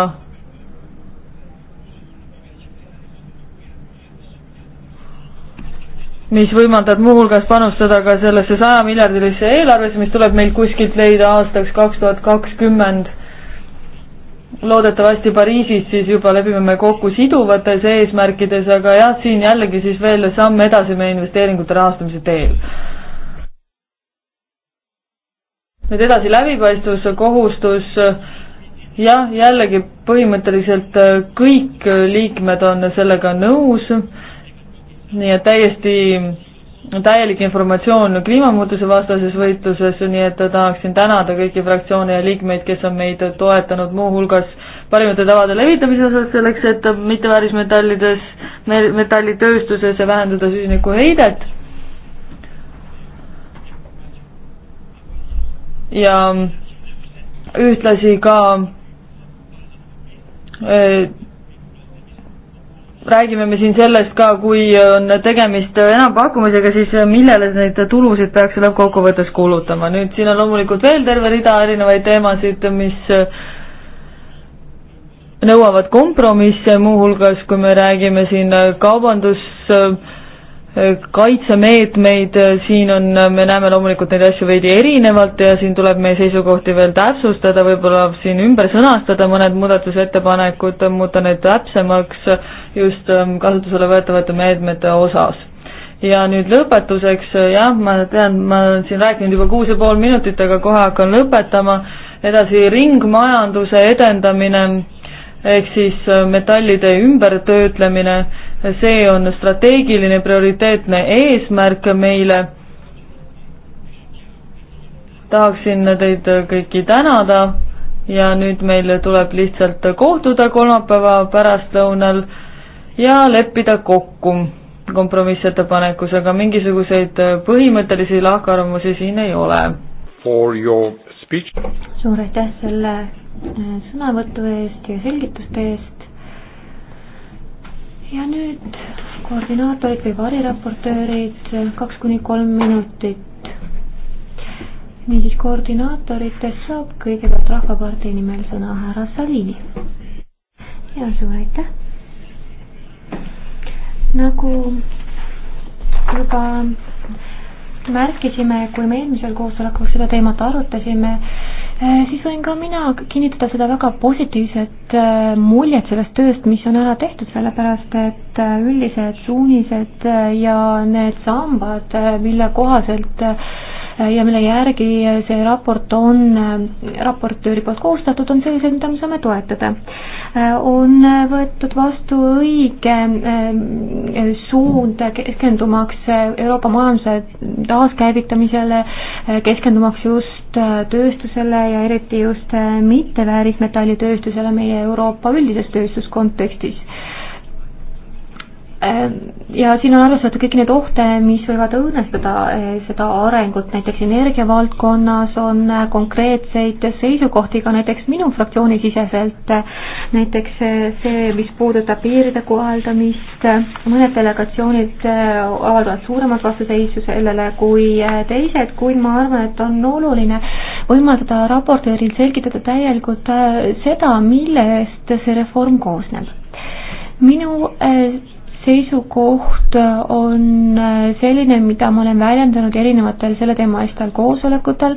Speaker 1: mis võimaldab muuhulgas panustada ka sellesse saja miljardilisse eelarvesse, mis tuleb meil kuskilt leida aastaks kaks tuhat kakskümmend. loodetavasti Pariisis siis juba lepime me kokku siduvates eesmärkides, aga jah, siin jällegi siis veel samm edasi meie investeeringute rahastamise teel nüüd edasi, läbipaistvuse kohustus, jah, jällegi põhimõtteliselt äh, kõik liikmed on sellega nõus, nii et täiesti täielik informatsioon kliimamuutuse vastases võitluses, nii et tahaksin tänada kõiki fraktsioone ja liikmeid, kes on meid toetanud muuhulgas parimate tavade levitamise osas selleks, et mittevärismetallides, metallitööstuses vähendada süsinikuheidet ja ühtlasi ka äh, räägime me siin sellest ka, kui on tegemist enampakkumisega, siis millele neid tulusid peaks lõppkokkuvõttes kulutama. nüüd siin on loomulikult veel terve rida erinevaid teemasid, mis nõuavad kompromisse, muuhulgas kui me räägime siin kaubandus äh, kaitsemeetmeid, äh, siin on, äh, me näeme loomulikult neid asju veidi erinevalt ja siin tuleb meie seisukohti veel täpsustada, võib-olla siin ümber sõnastada mõned muudatusettepanekud, äh, muuta need täpsemaks just ähm, kasutusele võetavate meetmete osas. ja nüüd lõpetuseks, jah, ma tean, ma olen siin rääkinud juba kuus ja pool minutit, aga kohe hakkan lõpetama, edasi ringmajanduse edendamine, ehk siis metallide ümbertöötlemine see on strateegiline prioriteetne eesmärk meile. tahaksin teid kõiki tänada ja nüüd meil tuleb lihtsalt kohtuda kolmapäeva pärastlõunal ja leppida kokku kompromissettepanekus, aga mingisuguseid põhimõttelisi lahkarvamusi siin ei ole.
Speaker 3: suur aitäh selle äh, sõnavõtu eest ja selgituste eest ja nüüd koordinaatorid või variraportöörid, kaks kuni kolm minutit. niisiis, koordinaatoritest saab kõigepealt Rahvapartei nimel sõna härra Salini. ja suur aitäh. nagu juba märkisime, kui me eelmisel koosolekul seda teemat arutasime, Äh, siis võin ka mina kinnitada seda väga positiivset äh, muljet sellest tööst, mis on ära tehtud, sellepärast et äh, üldised suunised ja need sambad, mille kohaselt ja mille järgi see raport on raportööri poolt koostatud, on sellised, mida me saame toetada. Äh, on äh, võetud vastu õige ähm, äh, suund keskendumaks Euroopa majanduse taaskäivitamisele, keskendumaks just tööstusele ja eriti just mitteväärismetallitööstusele meie Euroopa üldises tööstuskontekstis ja siin on arvestatud kõiki neid ohte, mis võivad õõnestada eh, seda arengut, näiteks energiavaldkonnas on eh, konkreetseid seisukohti ka näiteks minu fraktsiooni siseselt, näiteks eh, see, mis puudutab piiride kohaldamist, mõned delegatsioonid avaldavad suuremat vastuseisu sellele kui teised, kuid ma arvan, et on oluline võimaldada raportööril selgitada täielikult seda, millest see reform koosneb minu seisukoht äh, on äh, selline, mida ma olen väljendanud erinevatel selle teemalistel koosolekutel,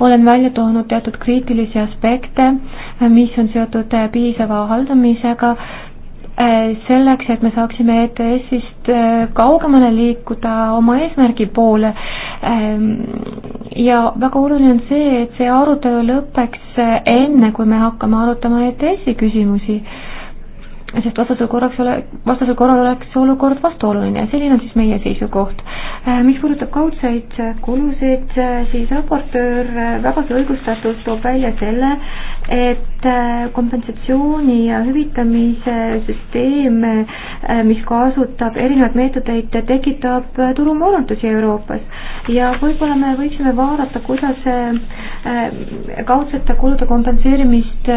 Speaker 3: olen välja toonud teatud kriitilisi aspekte, äh, mis on seotud piisava haldamisega, selleks, et me saaksime ETS-ist kaugemale liikuda oma eesmärgi poole. Ähm, ja väga oluline on see, et see arutelu lõpeks enne, kui me hakkame arutama ETS-i küsimusi sest vastasel korraks ole, vastasel korral oleks olukord vastuoluline, selline on siis meie seisukoht. Äh, mis puudutab kaudseid kulusid, äh, siis raportöör äh, vägagi õigustatult toob välja selle, et kompensatsiooni ja hüvitamise süsteem, mis kasutab erinevaid meetodeid, tekitab turumoonutusi Euroopas ja võib-olla me võiksime vaadata, kuidas kaudsete kulude kompenseerimist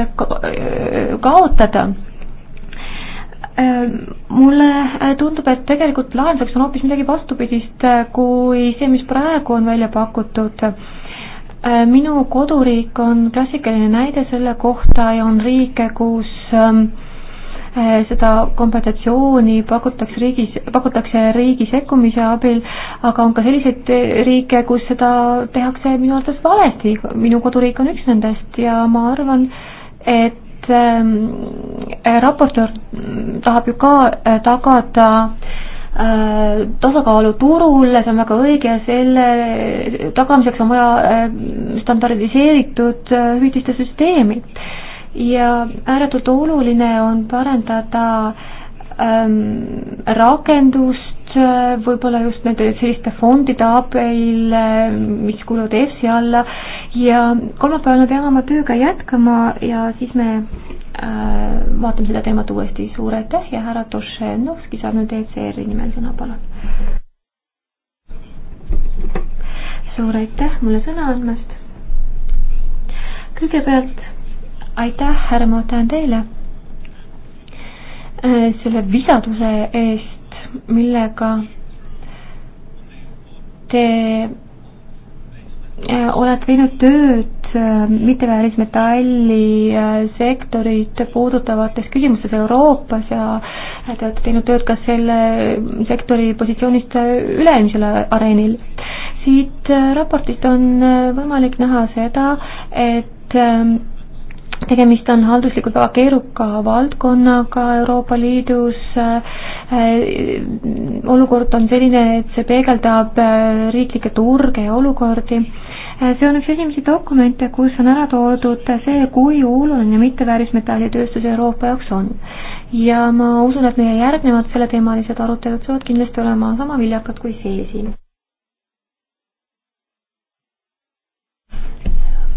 Speaker 3: kaotada Ehm, mulle äh, tundub, et tegelikult lahenduseks on hoopis midagi vastupidist äh, kui see, mis praegu on välja pakutud. Äh, minu koduriik on klassikaline näide selle kohta ja on riike, kus ähm, seda kompensatsiooni pakutakse riigis, pakutakse riigi sekkumise abil, aga on ka selliseid riike, kus seda tehakse minu arvates valesti, minu koduriik on üks nendest ja ma arvan, et et ähm, äh, raportöör tahab ju ka äh, tagada äh, tasakaalu turul, see on väga õige, selle tagamiseks on vaja äh, standardiseeritud äh, hüvitiste süsteemi. ja ääretult oluline on parandada ähm, rakendus Äh, võib-olla just nende selliste fondide abil, äh, mis kuuluvad EFSI alla ja kolmapäeval me peame oma tööga jätkama ja siis me äh, vaatame seda teemat uuesti. suur aitäh ja härra Tošenovski saab nüüd ECR-i nimel sõna, palun. suur aitäh mulle sõna andmast. kõigepealt aitäh, härra Mootan teile äh, selle visaduse eest millega te äh, olete teinud tööd äh, mittevälismetalli äh, sektorit puudutavates küsimustes Euroopas ja te olete teinud tööd ka selle sektori positsioonist üleilmsel areenil. siit raportist on võimalik näha seda, et tegemist on halduslikult väga keeruka valdkonnaga Euroopa Liidus. Äh, olukord on selline, et see peegeldab äh, riiklikke turge ja olukordi. Äh, see on üks esimesi dokumente, kus on ära toodud see, kui oluline mitteväärismetallitööstus Euroopa jaoks on. ja ma usun, et meie järgnevad selleteemalised arutelud saavad kindlasti olema sama viljakad kui see siin.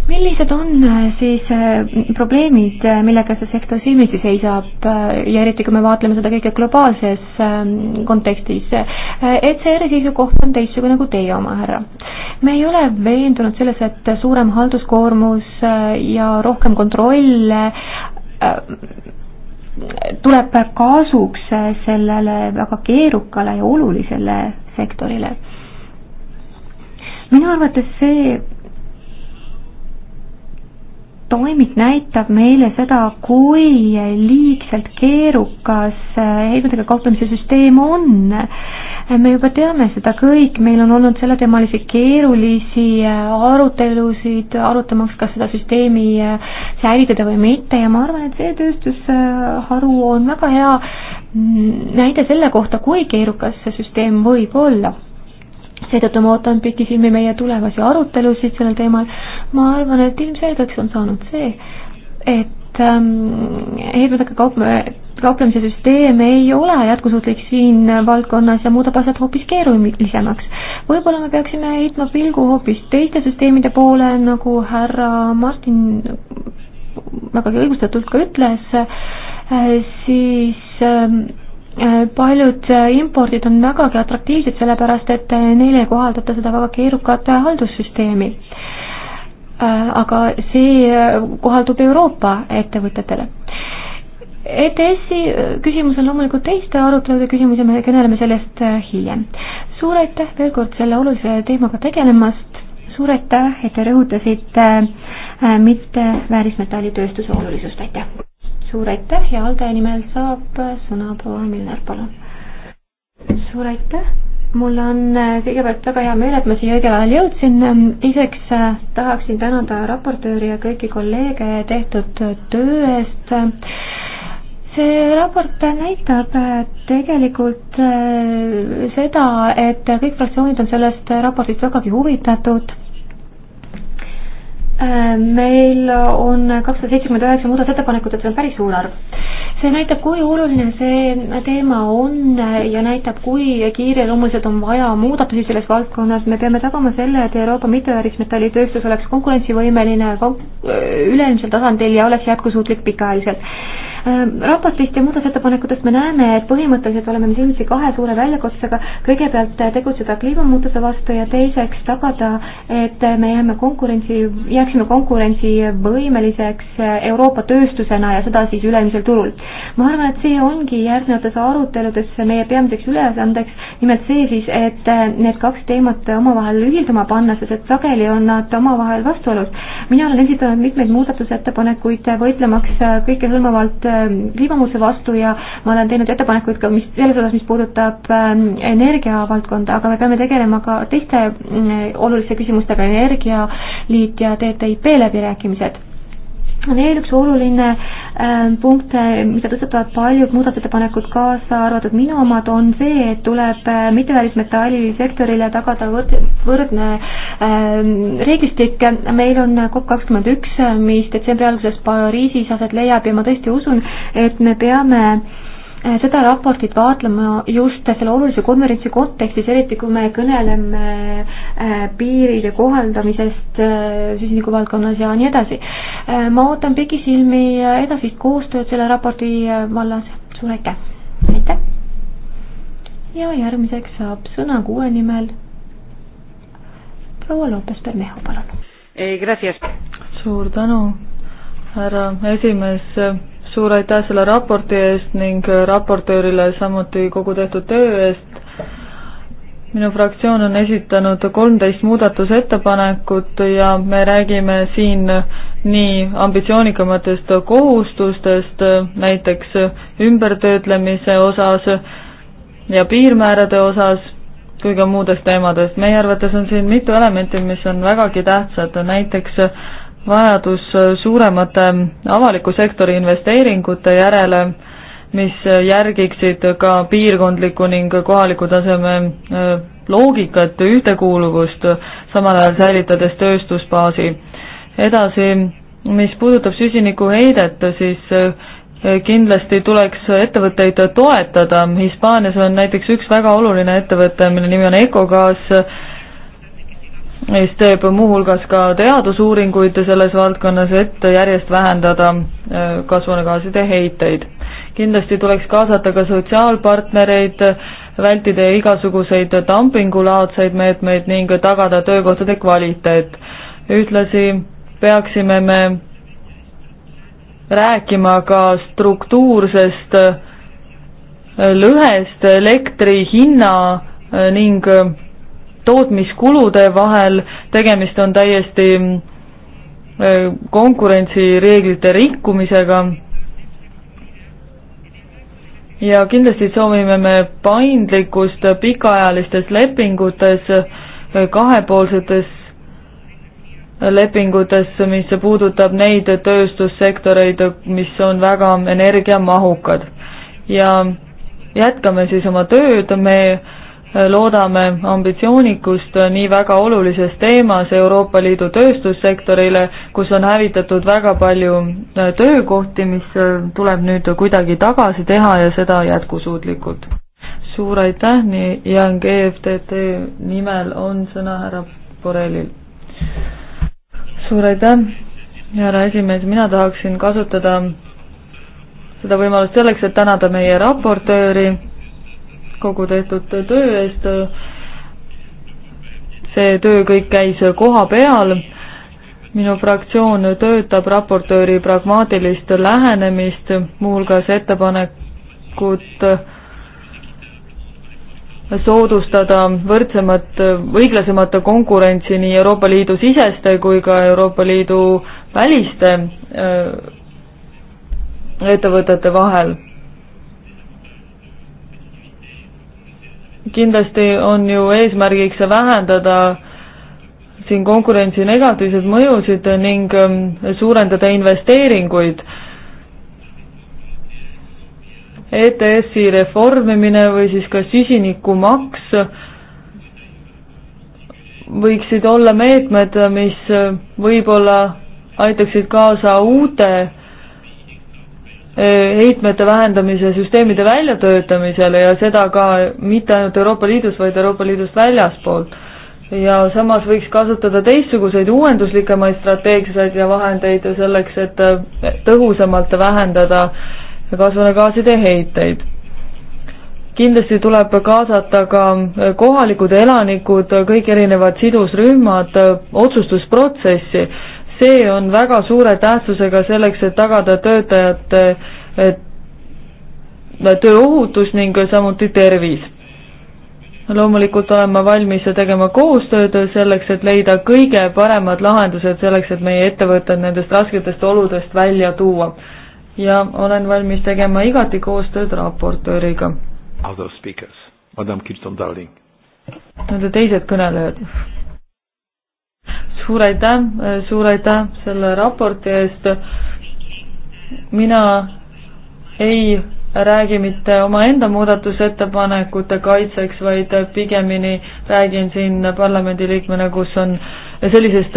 Speaker 3: millised on äh, siis äh, probleemid, äh, millega see sektor silmitsi seisab ja eriti, kui me vaatleme seda kõike globaalses ähm, kontekstis, ECR-i seisukoht on teistsugune kui nagu teie oma, härra. me ei ole veendunud selles, et suurem halduskoormus ja rohkem kontrolle tuleb kasuks sellele väga keerukale ja olulisele sektorile. minu arvates see toimik näitab meile seda, kui liigselt keerukas äh, heidudega kauplemise süsteem on. me juba teame seda kõik, meil on olnud selleteemalisi keerulisi äh, arutelusid, arutamaks, kas seda süsteemi äh, säilitada või mitte ja ma arvan, et see tööstusharu on väga hea mm, näide selle kohta, kui keerukas see süsteem võib olla seetõttu ma ootan pikisilmi meie tulevasi arutelusid sellel teemal. ma arvan, et ilmselgeks on saanud see, et ähm, heidudega kaupme-, kauplemise süsteem ei ole jätkusuutlik siin valdkonnas ja muudab asjad hoopis keerulisemaks. võib-olla me peaksime heitma pilgu hoopis teiste süsteemide poole, nagu härra Martin vägagi õigustatult ka ütles, äh, siis ähm, Äh, paljud äh, impordid on vägagi atraktiivsed, sellepärast et äh, neile ei kohaldata seda väga keerukat haldussüsteemi. aga see kohaldub Euroopa ettevõtetele. ETS-i küsimus on loomulikult teiste arutelude küsimus ja me kõneleme sellest hiljem. suur aitäh veel kord selle olulise teemaga tegelemast, suur aitäh, et te rõhutasite äh, mitte väärismetallitööstuse olulisust, aitäh! suur aitäh ja Alde nimel saab sõna proua Milner, palun. suur aitäh, mul on äh, kõigepealt väga hea meel, et ma siia õigel ajal jõudsin, teiseks ähm, äh, tahaksin tänada raportööri ja kõiki kolleege tehtud äh, töö eest see raport näitab tegelikult seda, et kõik fraktsioonid on sellest raportist vägagi huvitatud Äh, meil on kakssada seitsekümmend üheksa muudatusettepanekut, et see on päris suur arv. see näitab, kui oluline see teema on ja näitab, kui kiireloomuliselt on vaja muudatusi selles valdkonnas. me peame tagama selle, et Euroopa mittevärismetallitööstus oleks konkurentsivõimeline üleilmsel tasandil ja oleks jätkusuutlik pikaajaliselt Ähm, raportist ja muudatusettepanekutest me näeme, et põhimõtteliselt oleme me silmitsi kahe suure väljakutsega, kõigepealt tegutseda kliimamuutuse vastu ja teiseks tagada, et me jääme konkurentsi, jääksime konkurentsivõimeliseks Euroopa tööstusena ja seda siis ülemisel turul. ma arvan, et see ongi järgnevates aruteludes meie peamiseks ülesandeks, nimelt see siis, et need kaks teemat omavahel ühilduma panna, sest et sageli on nad omavahel vastuolus. mina olen esitanud mitmeid muudatusettepanekuid võitlemaks kõikehõlmavalt kliimamuutuse ähm, vastu ja ma olen teinud ettepanekuid ka mis, selles osas, mis puudutab ähm, energia valdkonda, aga me peame tegelema ka teiste mm, oluliste küsimustega, energialiit ja TTIP läbirääkimised veel üks oluline ähm, punkt, äh, mida tõstatavad paljud muudatusettepanekud, kaasa arvatud minu omad, on see, et tuleb äh, mittevälismetallisektorile tagada võrd-, võrdne ähm, reeglistik. meil on COP kakskümmend üks, mis detsembri alguses Pariisis aset leiab ja ma tõesti usun, et me peame Äh, seda raportit vaatlema just selle olulise konverentsi kontekstis, eriti kui me kõneleme äh, piiride kohandamisest äh, süsinikuvaldkonnas ja nii edasi. ma ootan pikisilmi edasist koostööd selle raporti vallas, suur aitäh! aitäh! ja järgmiseks saab sõna kuue
Speaker 1: nimel proua Lopes-Bermejo, palun eh,! suur tänu, härra esimees suur aitäh selle raporti eest ning raportöörile samuti kogu tehtud töö eest. minu fraktsioon on esitanud kolmteist muudatusettepanekut ja me räägime siin nii ambitsioonikamatest kohustustest, näiteks ümbertöötlemise osas ja piirmäärade osas, kui ka muudest teemadest. meie arvates on siin mitu elementi, mis on vägagi tähtsad, näiteks vajadus suuremate avaliku sektori investeeringute järele, mis järgiksid ka piirkondliku ning kohaliku taseme äh, loogikat, ühtekuuluvust, samal ajal säilitades tööstusbaasi. edasi, mis puudutab süsinikuheidet, siis äh, kindlasti tuleks ettevõtteid toetada, Hispaanias on näiteks üks väga oluline ettevõte, mille nimi on Ecogas, mis teeb muuhulgas ka teadusuuringuid selles valdkonnas, et järjest vähendada äh, kasvuhoonegaaside heiteid. kindlasti tuleks kaasata ka sotsiaalpartnereid, vältida igasuguseid dumpingulaadseid meetmeid ning tagada töökohtade kvaliteet. ühtlasi peaksime me rääkima ka struktuursest äh, lõhest elektri hinna äh, ning tootmiskulude vahel, tegemist on täiesti äh, konkurentsireeglite rikkumisega. ja kindlasti soovime me paindlikkust pikaajalistes lepingutes, äh, kahepoolsetes lepingutes, mis puudutab neid tööstussektoreid, mis on väga energiamahukad. ja jätkame siis oma tööd, me loodame ambitsioonikust nii väga olulises teemas Euroopa Liidu tööstussektorile, kus on hävitatud väga palju äh, töökohti, mis äh, tuleb nüüd kuidagi tagasi teha ja seda jätkusuutlikult. suur aitäh, nii, ja GFTT nimel on sõna härra Borrellil. suur aitäh, härra esimees, mina tahaksin kasutada seda võimalust selleks, et tänada meie raportööri kogu tehtud töö eest. see töö kõik käis koha peal. minu fraktsioon töötab raportööri pragmaatilist lähenemist, muuhulgas ettepanekut soodustada võrdsemat, õiglasemat konkurentsi nii Euroopa Liidu siseste kui ka Euroopa Liidu väliste äh, ettevõtete vahel kindlasti on ju eesmärgiks vähendada siin konkurentsi negatiivseid mõjusid ning ähm, suurendada investeeringuid. ETS-i reformimine või siis ka süsinikumaks võiksid olla meetmed, mis äh, võib-olla aitaksid kaasa uute Äh, heitmete vähendamise süsteemide väljatöötamisele ja seda ka mitte ainult Euroopa Liidus, vaid Euroopa Liidust väljaspoolt. ja samas võiks kasutada teistsuguseid uuenduslikemaid strateegiaid ja vahendeid selleks, et äh, tõhusamalt vähendada kasvuhoonegaaside heiteid. kindlasti tuleb kaasata ka äh, kohalikud elanikud, kõik erinevad sidusrühmad otsustusprotsessi see on väga suure tähtsusega selleks, et tagada töötajate äh, tööohutus ning samuti tervis. loomulikult olen ma valmis tegema koostööd selleks, et leida kõige paremad lahendused selleks, et meie ettevõtted nendest rasketest oludest välja tuua. ja olen valmis tegema igati koostööd raportööriga.
Speaker 3: Other speakers, madam Kirsten Darling.
Speaker 1: Need on teised kõnelejad suur aitäh, suur aitäh selle raporti eest. mina ei räägi mitte omaenda muudatusettepanekute kaitseks, vaid pigemini räägin siin parlamendiliikmena, kus on sellisest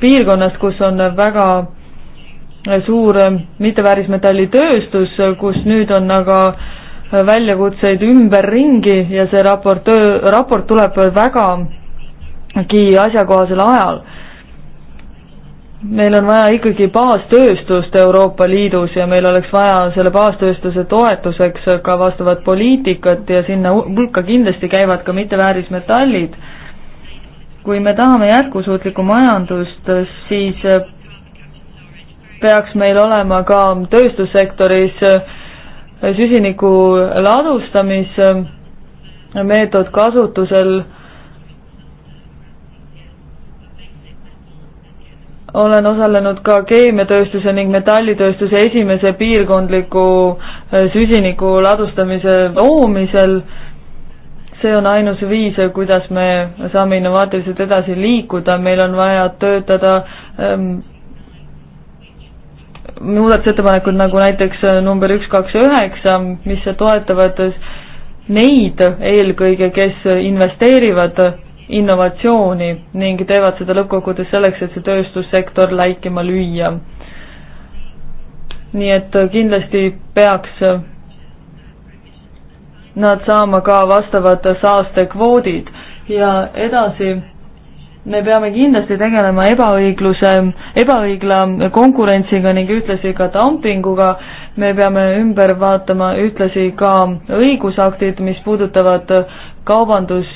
Speaker 1: piirkonnast, kus on väga suur mitteväärismetallitööstus, kus nüüd on aga väljakutseid ümberringi ja see raport, raport tuleb väga asjakohasel ajal. meil on vaja ikkagi baastööstust Euroopa Liidus ja meil oleks vaja selle baastööstuse toetuseks ka vastavat poliitikat ja sinna hulka kindlasti käivad ka mitteväärismetallid. kui me tahame jätkusuutlikku majandust, siis peaks meil olema ka tööstussektoris süsiniku ladustamise meetod kasutusel olen osalenud ka keemiatööstuse ning metallitööstuse esimese piirkondliku äh, süsiniku ladustamise loomisel. see on ainus viis, kuidas me saame innovaatiliselt edasi liikuda, meil on vaja töötada ähm, muudatusettepanekud nagu näiteks äh, number üks, kaks ja üheksa, mis toetavad neid eelkõige, kes investeerivad innovatsiooni ning teevad seda lõppkokkuvõttes selleks, et see tööstussektor läikima lüüa. nii et kindlasti peaks nad saama ka vastavad saastekvoodid ja edasi me peame kindlasti tegelema ebaõigluse, ebaõigla konkurentsiga ning ühtlasi ka dumpinguga. me peame ümber vaatama ühtlasi ka õigusaktid, mis puudutavad kaubandus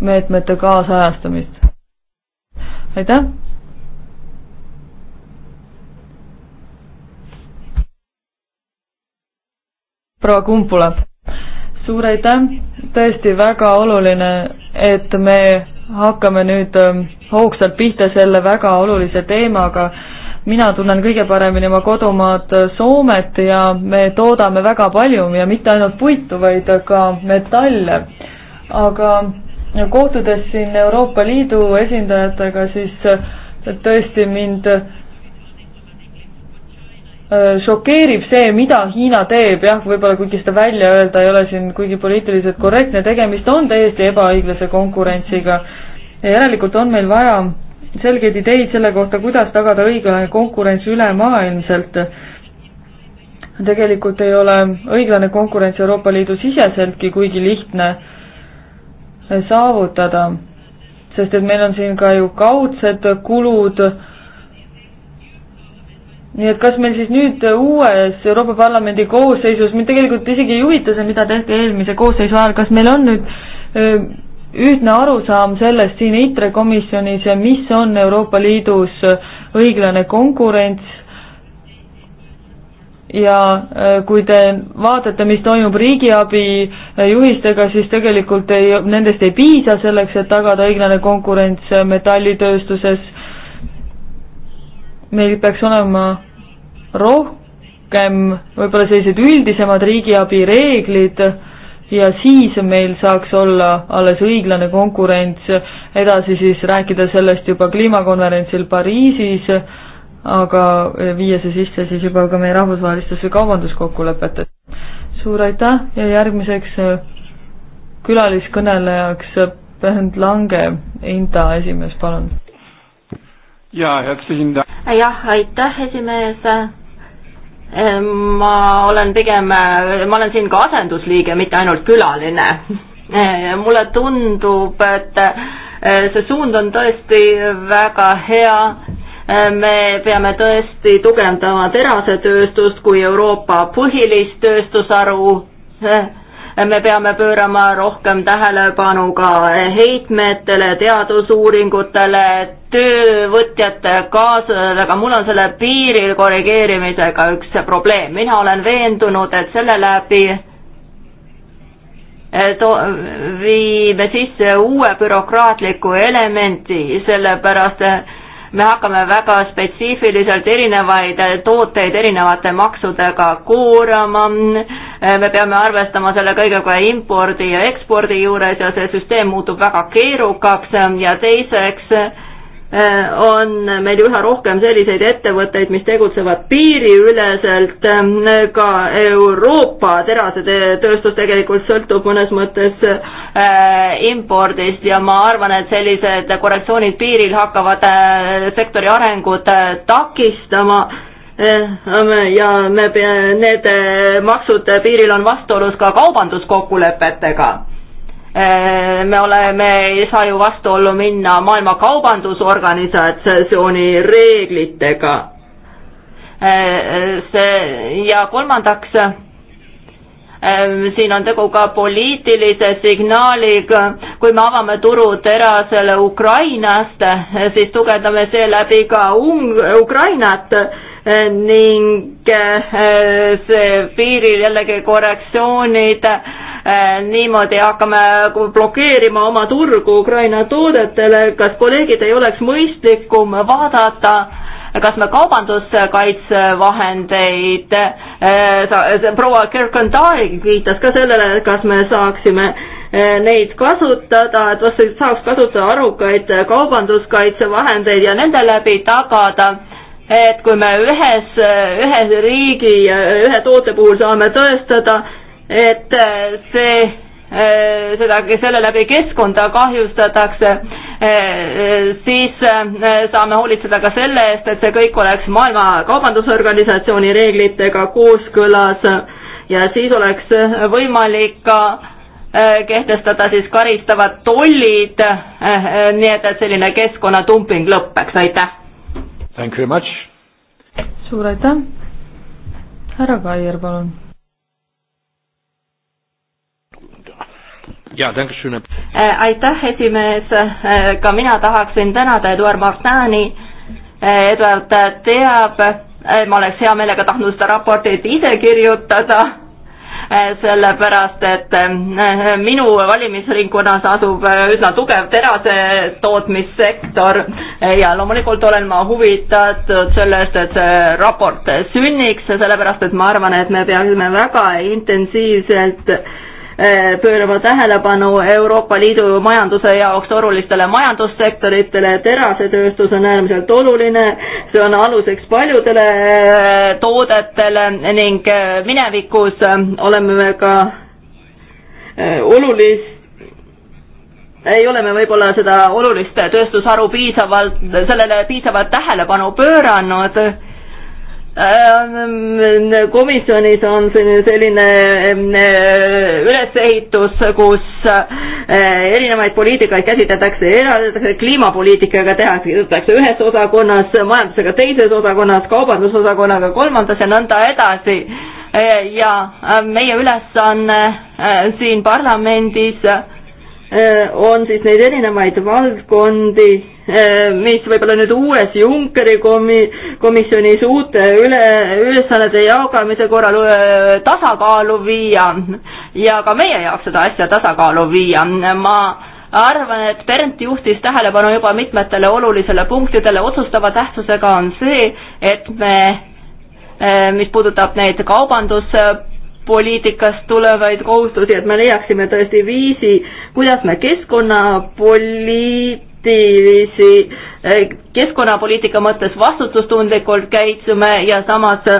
Speaker 1: meetmete kaasajastamist. aitäh! proua Kumpula, suur aitäh, tõesti väga oluline, et me hakkame nüüd ähm, hoogsalt pihta selle väga olulise teemaga. mina tunnen kõige paremini oma kodumaad äh, Soomet ja me toodame väga palju ja mitte ainult puitu, vaid ka metalle. aga kohtudes siin Euroopa Liidu esindajatega, siis äh, tõesti mind äh, šokeerib see, mida Hiina teeb, jah, võib-olla kuigi seda välja öelda ei ole siin kuigi poliitiliselt korrektne, tegemist on täiesti ebaõiglase konkurentsiga ja järelikult on meil vaja selgeid ideid selle kohta, kuidas tagada õiglane konkurents ülemaailmselt. tegelikult ei ole õiglane konkurents Euroopa Liidu siseseltki kuigi lihtne saavutada, sest et meil on siin ka ju kaudsed kulud. nii et kas meil siis nüüd uues Euroopa Parlamendi koosseisus, mind tegelikult isegi ei huvita see, mida tehti eelmise koosseisu ajal, kas meil on nüüd ühtne arusaam sellest siin ITRE komisjonis, mis on Euroopa Liidus õiglane konkurents ja äh, kui te vaatate, mis toimub riigiabi äh, juhistega, siis tegelikult ei, nendest ei piisa selleks, et tagada õiglane konkurents äh, metallitööstuses. meil peaks olema rohkem võib-olla sellised üldisemad riigiabi reeglid ja siis meil saaks olla alles õiglane konkurents, edasi siis rääkida sellest juba kliimakonverentsil Pariisis aga eh, viia see sisse siis juba ka meie rahvusvahelistesse kaubanduskokkulepetesse. suur aitäh ja järgmiseks eh, külaliskõnelejaks eh, Bernd Lange, Inta esimees, palun.
Speaker 3: ja, herzlichen Dank.
Speaker 1: jah, aitäh, esimees. ma olen pigem,
Speaker 2: ma olen siin ka asendusliige, mitte ainult külaline. mulle tundub, et see suund on tõesti väga hea me peame tõesti tugevdama terasetööstust kui Euroopa põhilist tööstusharu. me peame pöörama rohkem tähelepanu ka heitmetele, teadusuuringutele, töövõtjate kaasale, aga mul on selle piiri korrigeerimisega üks probleem. mina olen veendunud, et selle läbi e, to-, viime sisse uue bürokraatliku elemendi, sellepärast me hakkame väga spetsiifiliselt erinevaid tooteid erinevate maksudega koorama, me peame arvestama selle kõigega impordi ja ekspordi juures ja see süsteem muutub väga keerukaks ja teiseks Äh, on meil üha rohkem selliseid ettevõtteid, mis tegutsevad piiriüleselt, äh, ka Euroopa terasetööstus tegelikult sõltub mõnes mõttes äh, impordist ja ma arvan, et sellised korrektsioonid piiril hakkavad sektori arengut takistama ja me, need maksud piiril on vastuolus ka kaubanduskokkulepetega Äh, me oleme, ei saa ju vastuollu minna Maailma Kaubandusorganisatsiooni reeglitega. Äh, see ja kolmandaks, äh, siin on tegu ka poliitilise signaaliga, kui me avame turu terasele Ukrainast, siis tugevdame seeläbi ka Ung-, Ukrainat ning see piiril jällegi korrektsioonid äh, Äh, niimoodi hakkame blokeerima oma turgu Ukraina toodetele, kas kolleegid ei oleks mõistlikum vaadata, kas me kaubanduskaitsevahendeid, äh, proua Kerkandai viitas ka sellele, et kas me saaksime äh, neid kasutada, et vast saaks kasutada arukaid kaubanduskaitsevahendeid ja nende läbi tagada et kui me ühes, ühes riigi ühe toote puhul saame tõestada, et äh, see, äh, seda, selle läbi keskkonda kahjustatakse, äh, siis saame hoolitseda ka selle eest, et see kõik oleks Maailma Kaubandusorganisatsiooni reeglitega kooskõlas ja siis oleks võimalik ka kehtestada siis karistavad tollid, nii et, et selline keskkonnatumping lõpeks, aitäh!
Speaker 1: suur aitäh! härra Kaier, palun
Speaker 3: jaa, tänke schön. Äh,
Speaker 2: aitäh, esimees, äh, ka mina tahaksin tänada Eduard Martani. Äh, Eduard teab, ma oleks hea meelega tahtnud seda raportit ise kirjutada, sellepärast et minu valimisringkonnas asub üsna tugev terasetootmissektor ja loomulikult olen ma huvitatud sellest, et see raport sünniks, sellepärast et ma arvan, et me peaksime väga intensiivselt äh, Eh, pöörama tähelepanu Euroopa Liidu majanduse jaoks olulistele majandussektoritele, terasetööstus on äärmiselt oluline, see on aluseks paljudele eh, toodetele ning eh, minevikus oleme me ka olulist ei ole me võib-olla seda olulist tööstusharu piisavalt, sellele piisavalt tähelepanu pööranud Ähm, ähm, komisjonis on selline ähm, äh, ülesehitus, kus äh, erinevaid poliitikaid käsitletakse eraldatakse, kliimapoliitikaga tehakse ühes osakonnas, majandusega teises osakonnas, kaubandusosakonnaga kolmandas ja nõnda edasi. Äh, ja meie ülesanne siin parlamendis on siis neid erinevaid valdkondi Äh, mis võib-olla nüüd uues Junckeri komi-, komisjonis uute üle, ülesannete jagamise korral äh, tasakaalu viia ja ka meie jaoks seda asja tasakaalu viia. ma arvan, et Bernt juhtis tähelepanu juba mitmetele olulisele punktidele, otsustava tähtsusega on see, et me, äh, mis puudutab neid kaubandus poliitikast tulevaid kohustusi, et me leiaksime tõesti viisi, kuidas me keskkonnapoliit-, positiivsi äh, keskkonnapoliitika mõttes vastutustundlikult käitume ja samas äh,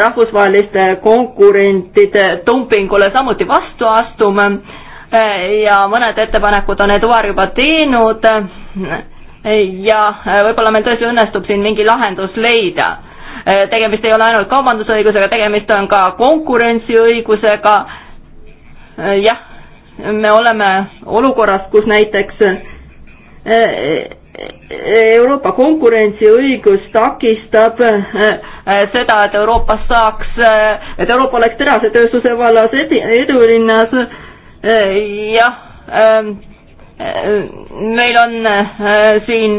Speaker 2: rahvusvaheliste konkurentide dumpingule samuti vastu astume äh, ja mõned ettepanekud on Eduard juba teinud ja võib-olla meil tõesti õnnestub siin mingi lahendus leida tegemist ei ole ainult kaubandusõigusega, tegemist on ka konkurentsiõigusega. jah, me oleme olukorras, kus näiteks Euroopa konkurentsiõigus takistab äh, seda, et Euroopas saaks, äh, et Euroopa oleks terasetööstuse vallas edulinnas. Äh, jah, ähm, meil on siin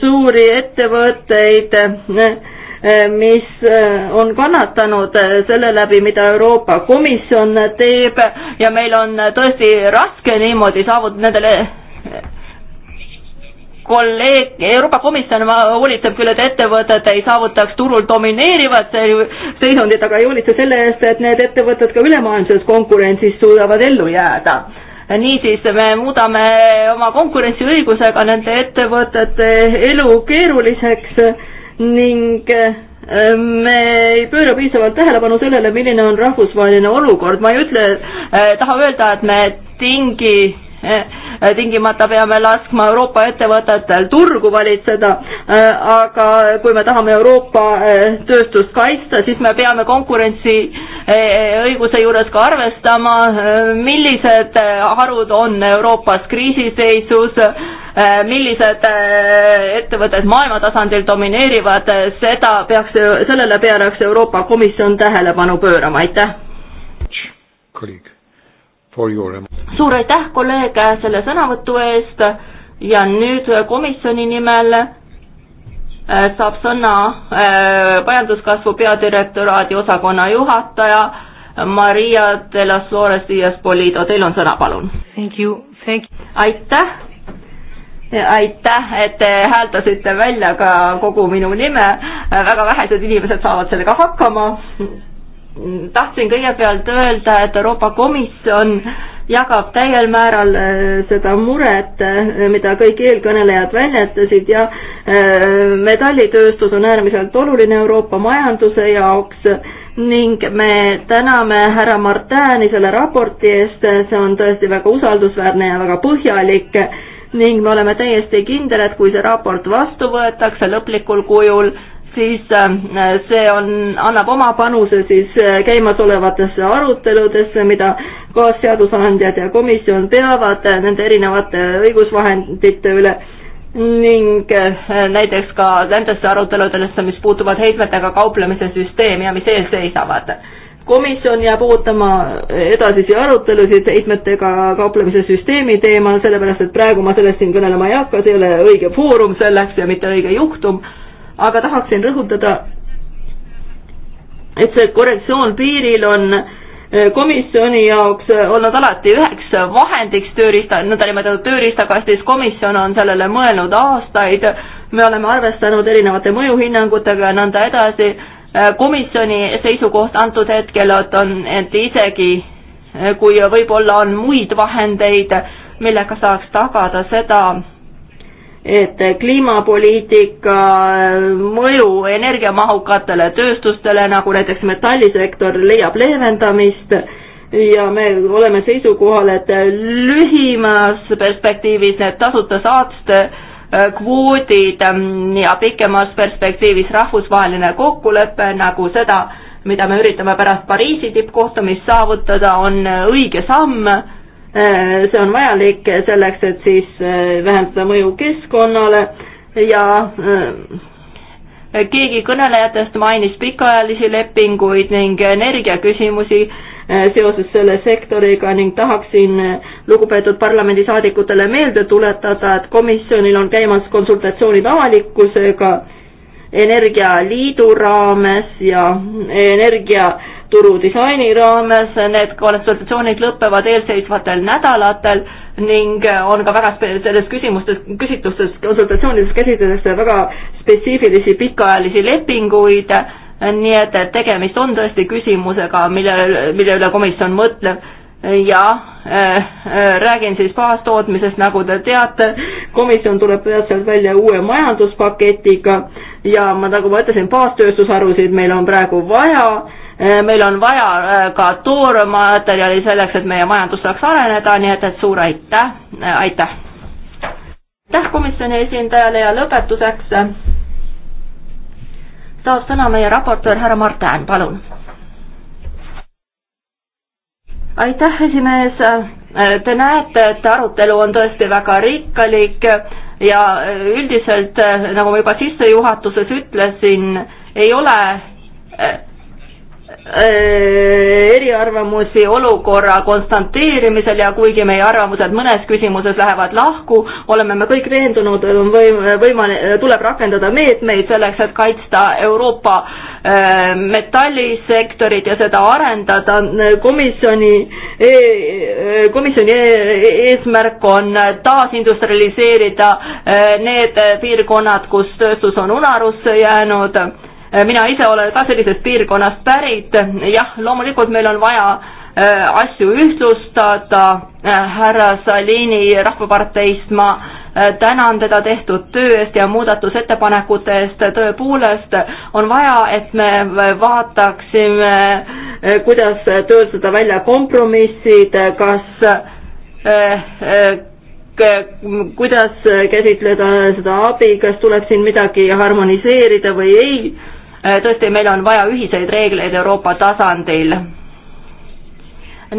Speaker 2: suuri ettevõtteid, mis on kannatanud selle läbi, mida Euroopa Komisjon teeb ja meil on tõesti raske niimoodi saavutada nendele kolleeg, Euroopa Komisjon hoolitseb küll, et ettevõtted ei saavutaks turul domineerivat seisundit, aga ei hoolitse selle eest, et need ettevõtted ka ülemaailmses konkurentsis suudavad ellu jääda niisiis me muudame oma konkurentsiõigusega nende ettevõtete elu keeruliseks ning eh, me ei pööra piisavalt tähelepanu sellele, milline on rahvusvaheline olukord, ma ei ütle eh,, taha öelda, et me tingi tingimata peame laskma Euroopa ettevõtetel turgu valitseda, äh, aga kui me tahame Euroopa äh, tööstust kaitsta, siis me peame konkurentsiõiguse äh, juures ka arvestama, millised harud on Euroopas kriisiseisus, millised ettevõtted maailma tasandil domineerivad, seda peaks, sellele peaks Euroopa Komisjon tähelepanu pöörama, aitäh.
Speaker 3: kolleeg Your...
Speaker 2: suur aitäh, kolleeg, selle sõnavõtu eest ja nüüd komisjoni nimel äh, saab sõna äh, majanduskasvu äh, peadirektoraadi osakonna juhataja Maria de las Flores Dias Polido, teil on sõna, palun. aitäh, aitäh, et te hääldasite välja ka kogu minu nime, väga vähesed inimesed saavad sellega hakkama Mm, tahtsin kõigepealt öelda, et Euroopa Komisjon jagab täiel määral äh, seda muret, äh, mida kõik eelkõnelejad väljendasid ja äh, metallitööstus on äärmiselt oluline Euroopa majanduse jaoks ning me täname härra Martäni selle raporti eest, see on tõesti väga usaldusväärne ja väga põhjalik ning me oleme täiesti kindel, et kui see raport vastu võetakse lõplikul kujul, siis äh, see on, annab oma panuse siis äh, käimasolevatesse aruteludesse, mida kaasseadusandjad ja komisjon peavad äh, nende erinevate õigusvahendite üle ning näiteks ka nendesse aruteludesse, mis puutuvad heitmetega kauplemise süsteemi ja mis ees seisavad. komisjon jääb ootama edasisi arutelusid heitmetega kauplemise süsteemi teemal, sellepärast et praegu ma sellest siin kõnelema ei hakka, see ei ole õige foorum selleks ja mitte õige juhtum aga tahaksin rõhutada, et see korrektsioon piiril on eh, komisjoni jaoks eh, olnud alati üheks vahendiks tööriista, nõndanimetatud tööriistakastis, komisjon on sellele mõelnud aastaid, me oleme arvestanud erinevate mõjuhinnangutega ja nõnda edasi, eh, komisjoni seisukoht antud hetkel on, et isegi kui võib-olla on muid vahendeid, millega saaks tagada seda, et kliimapoliitika mõju energiamahukatele tööstustele, nagu näiteks metallisektor, leiab leevendamist ja me oleme seisukohal, et lühimas perspektiivis need tasuta saaste äh, kvoodid ähm, ja pikemas perspektiivis rahvusvaheline kokkulepe, nagu seda, mida me üritame pärast Pariisi tippkohtumist saavutada, on õige samm Äh, see on vajalik selleks, et siis äh, vähendada mõju keskkonnale ja äh, keegi kõnelejatest mainis pikaajalisi lepinguid ning energiaküsimusi seoses selle sektoriga ning tahaksin lugupeetud parlamendisaadikutele meelde tuletada, et komisjonil on käimas konsultatsioonid avalikkusega Energialiidu raames ja energia turudisaini raames, need konsultatsioonid lõpevad eelseisvatel nädalatel ning äh, on ka väga selles küsimustes, küsitlustes, konsultatsioonides käsitletakse väga spetsiifilisi pikaajalisi lepinguid, nii et, et tegemist on tõesti küsimusega, mille, mille üle komisjon mõtleb ja äh, äh räägin siis baastootmisest, nagu te teate, komisjon tuleb peatselt välja uue majanduspaketiga ja ma, nagu ma ütlesin, baastööstusharusid meil on praegu vaja Äh, meil on vaja äh, ka toormaterjali selleks, et meie majandus saaks areneda, nii et, et suur aitäh, äh, aitäh! aitäh komisjoni esindajale ja lõpetuseks saab sõna meie raportöör härra Mart Hään, palun! aitäh, esimees! Te näete, et arutelu on tõesti väga rikkalik ja üldiselt, nagu ma juba sissejuhatuses ütlesin, ei ole Äh, eriarvamusi olukorra konstanteerimisel ja kuigi meie arvamused mõnes küsimuses lähevad lahku, oleme me kõik veendunud, on võim-, võimalik, tuleb rakendada meetmeid selleks, et kaitsta Euroopa äh, metallisektorit ja seda arendada. komisjoni, e-, komisjoni e-, eesmärk on taasindustrialiseerida äh, need piirkonnad, kus tööstus on unarusse jäänud Äh, mina ise olen ka sellisest piirkonnast pärit, jah, loomulikult meil on vaja äh, asju ühtlustada, äh, härra Salini Rahvaparteist ma tänan teda tehtud töö eest ja muudatusettepanekute eest, tõepoolest on vaja, et me vaataksime, kuidas töötada välja kompromissid, kas kuidas käsitleda seda abi, kas tuleb siin midagi harmoniseerida või ei Äh, tõesti, meil on vaja ühiseid reegleid Euroopa tasandil.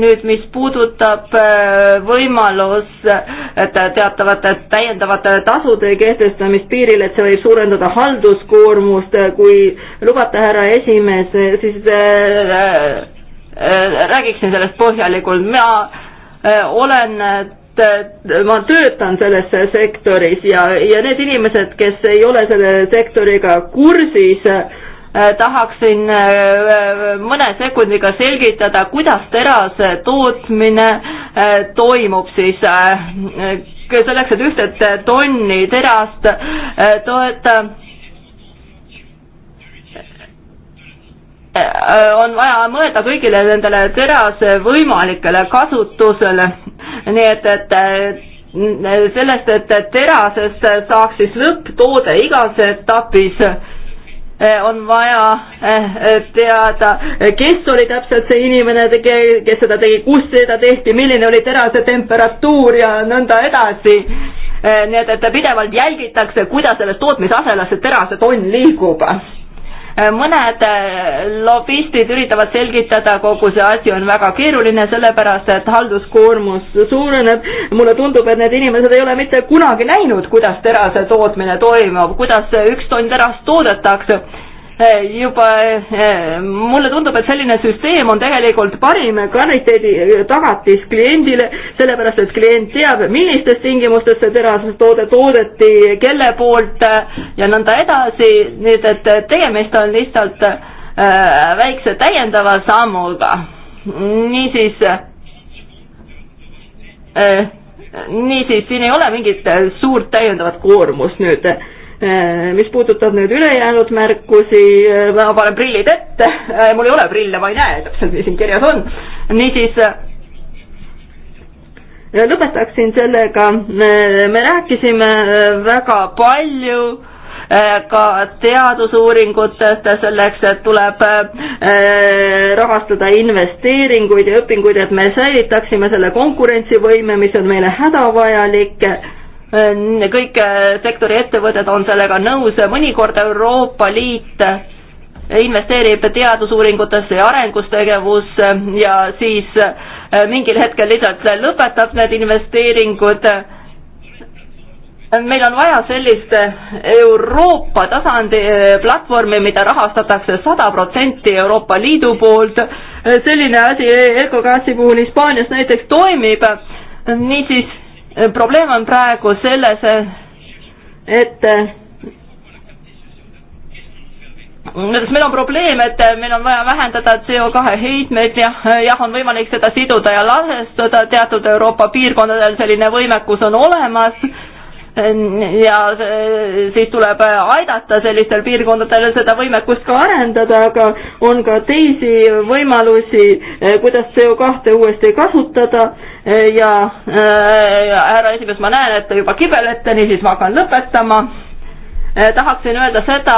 Speaker 2: nüüd, mis puudutab äh, võimalus äh, teatavate täiendavate tasude kehtestamist piiril, et see võib suurendada halduskoormust, kui lubate, härra esimees, siis räägiksin sellest põhjalikult, mina olen ma töötan selles sektoris ja, ja need inimesed, kes ei ole selle sektoriga kursis äh,, Äh, tahaksin äh, äh, mõne sekundiga selgitada, kuidas terase tootmine toimub siis selleks, et ühtet tonni terast toota on vaja mõelda kõigile nendele terase võimalikele kasutusele, nii et, et sellest, et terasest saaks siis lõpptoode igas etapis äh, Eh, on vaja eh, eh, teada, kes oli täpselt see inimene, kes seda tegi, kus seda tehti, milline oli terase temperatuur ja nõnda edasi. nii et, et pidevalt jälgitakse, kuidas selles tootmisaselas see terase tonn liigub Äh, mõned äh, lobistid üritavad selgitada, kogu see asi on väga keeruline, sellepärast et halduskoormus suureneb. mulle tundub, et need inimesed ei ole mitte kunagi näinud, kuidas terase tootmine toimub, kuidas üks tonn terast toodetakse Eh, juba eh, mulle tundub, et selline süsteem on tegelikult parim kvaliteedi tagatis kliendile, sellepärast et klient teab, millistes tingimustes see terastoode toodeti, kelle poolt eh, ja nõnda edasi, nii et tegemist on lihtsalt väikse täiendava sammuga. niisiis niisiis, siin ei ole mingit suurt täiendavat koormust nüüd Eh, mis puudutab nüüd ülejäänud märkusi, eh, ma panen prillid ette, eh, mul ei ole prille, ma ei näe täpselt, mis siin kirjas on. niisiis lõpetaksin sellega, me rääkisime väga palju ka teadusuuringutest selleks, et tuleb rahastada investeeringuid ja õpinguid, et me säilitaksime selle konkurentsivõime, mis on meile hädavajalik Äh, kõik äh, sektori ettevõtted on sellega nõus, mõnikord Euroopa Liit investeerib teadusuuringutesse ja arengustegevusse ja siis äh, mingil hetkel lihtsalt lõpetab need investeeringud. meil on vaja sellist Euroopa tasandi platvormi, mida rahastatakse sada protsenti Euroopa Liidu poolt. selline asi Ecogasi puhul Hispaanias näiteks toimib, niisiis Eh, probleem on praegu selles, et eh, meil on probleem, et eh, meil on vaja vähendada CO2 heitmeid ja jah, on võimalik seda siduda ja ladestada, teatud Euroopa piirkondadel selline võimekus on olemas ja äh, siis tuleb aidata sellistel piirkondadel seda võimekust ka arendada, aga on ka teisi võimalusi, äh, kuidas CO kahte uuesti kasutada äh, ja härra esimees, ma näen, et te juba kibelete, niisiis ma hakkan lõpetama. tahaksin öelda seda,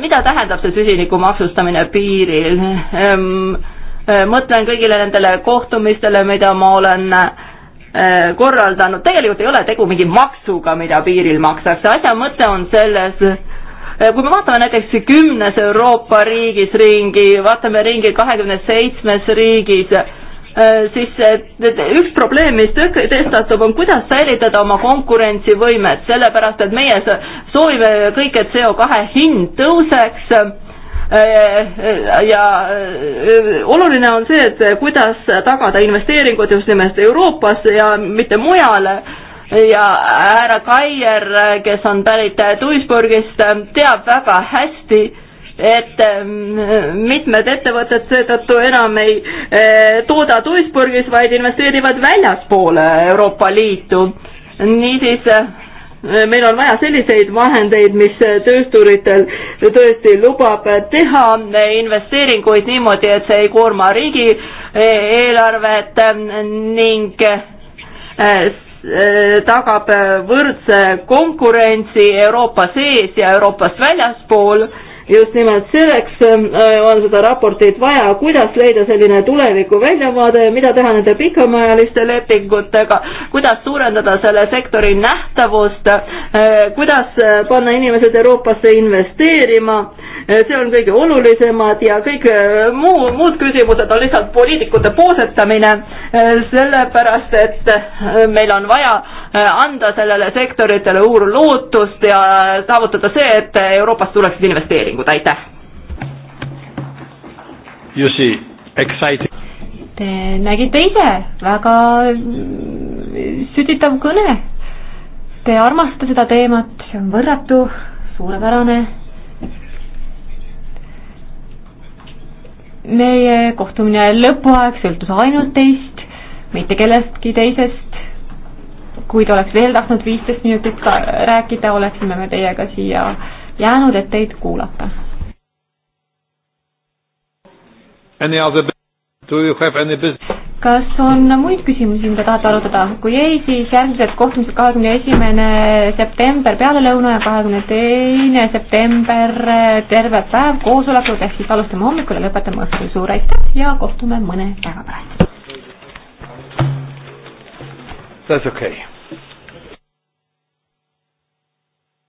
Speaker 2: mida tähendab see süsiniku maksustamine piiril? Ehm, mõtlen kõigile nendele kohtumistele, mida ma olen äh, Äh, korraldanud, tegelikult ei ole tegu mingi maksuga, mida piiril makstakse, asja mõte on selles, äh, kui me vaatame näiteks kümnes Euroopa riigis ringi, vaatame ringi kahekümne seitsmes riigis, äh, siis üks probleem, mis testatub, on kuidas säilitada oma konkurentsivõimet, sellepärast et meie soovime kõik, et CO2 hind tõuseks Äh, äh, ja äh, oluline on see, et kuidas tagada investeeringud just nimelt Euroopas ja mitte mujale ja härra Kaier, kes on pärit Duisburgist, teab väga hästi, et ähm, mitmed ettevõtted seetõttu enam ei tooda Duisburgis, vaid investeerivad väljaspoole Euroopa Liitu. niisiis meil on vaja selliseid vahendeid, mis töösturitel tõesti lubab teha investeeringuid niimoodi, et see ei koorma riigieelarvet ning eh, tagab võrdse konkurentsi Euroopa sees ja Euroopast väljaspool just nimelt selleks ähm, äh, on seda raportit vaja, kuidas leida selline tuleviku väljavaade, mida teha nende pikemaajaliste lepingutega, kuidas suurendada selle sektori nähtavust, äh, kuidas äh, panna inimesed Euroopasse investeerima Äh, see on kõige olulisemad ja kõik äh, muu, muud küsimused on lihtsalt poliitikute poosetamine, äh, sellepärast et meil on vaja anda sellele sektoritele uur lootust ja saavutada see, et Euroopast tuleksid investeeringud, aitäh!
Speaker 1: You see,
Speaker 3: exciting. Te nägite ise, väga mm, sütitav kõne. Te armastate seda teemat, see on võrratu, suurepärane meie kohtumine lõpuaeg sõltus ainult teist, mitte kellestki teisest. kui te oleks veel tahtnud viisteist minutit ka rääkida, oleksime me teiega siia jäänud, et teid kuulata.
Speaker 1: Any other, do you have any business?
Speaker 3: kas on muid küsimusi, mida tahate arutada? kui ei, siis järgmised kohtumised kahekümne esimene september pealelõuna ja kahekümne teine september terve päev koosolekud, ehk siis alustame hommikul ja lõpetame õhtul. suur aitäh ja kohtume mõne päeva pärast. That's okay.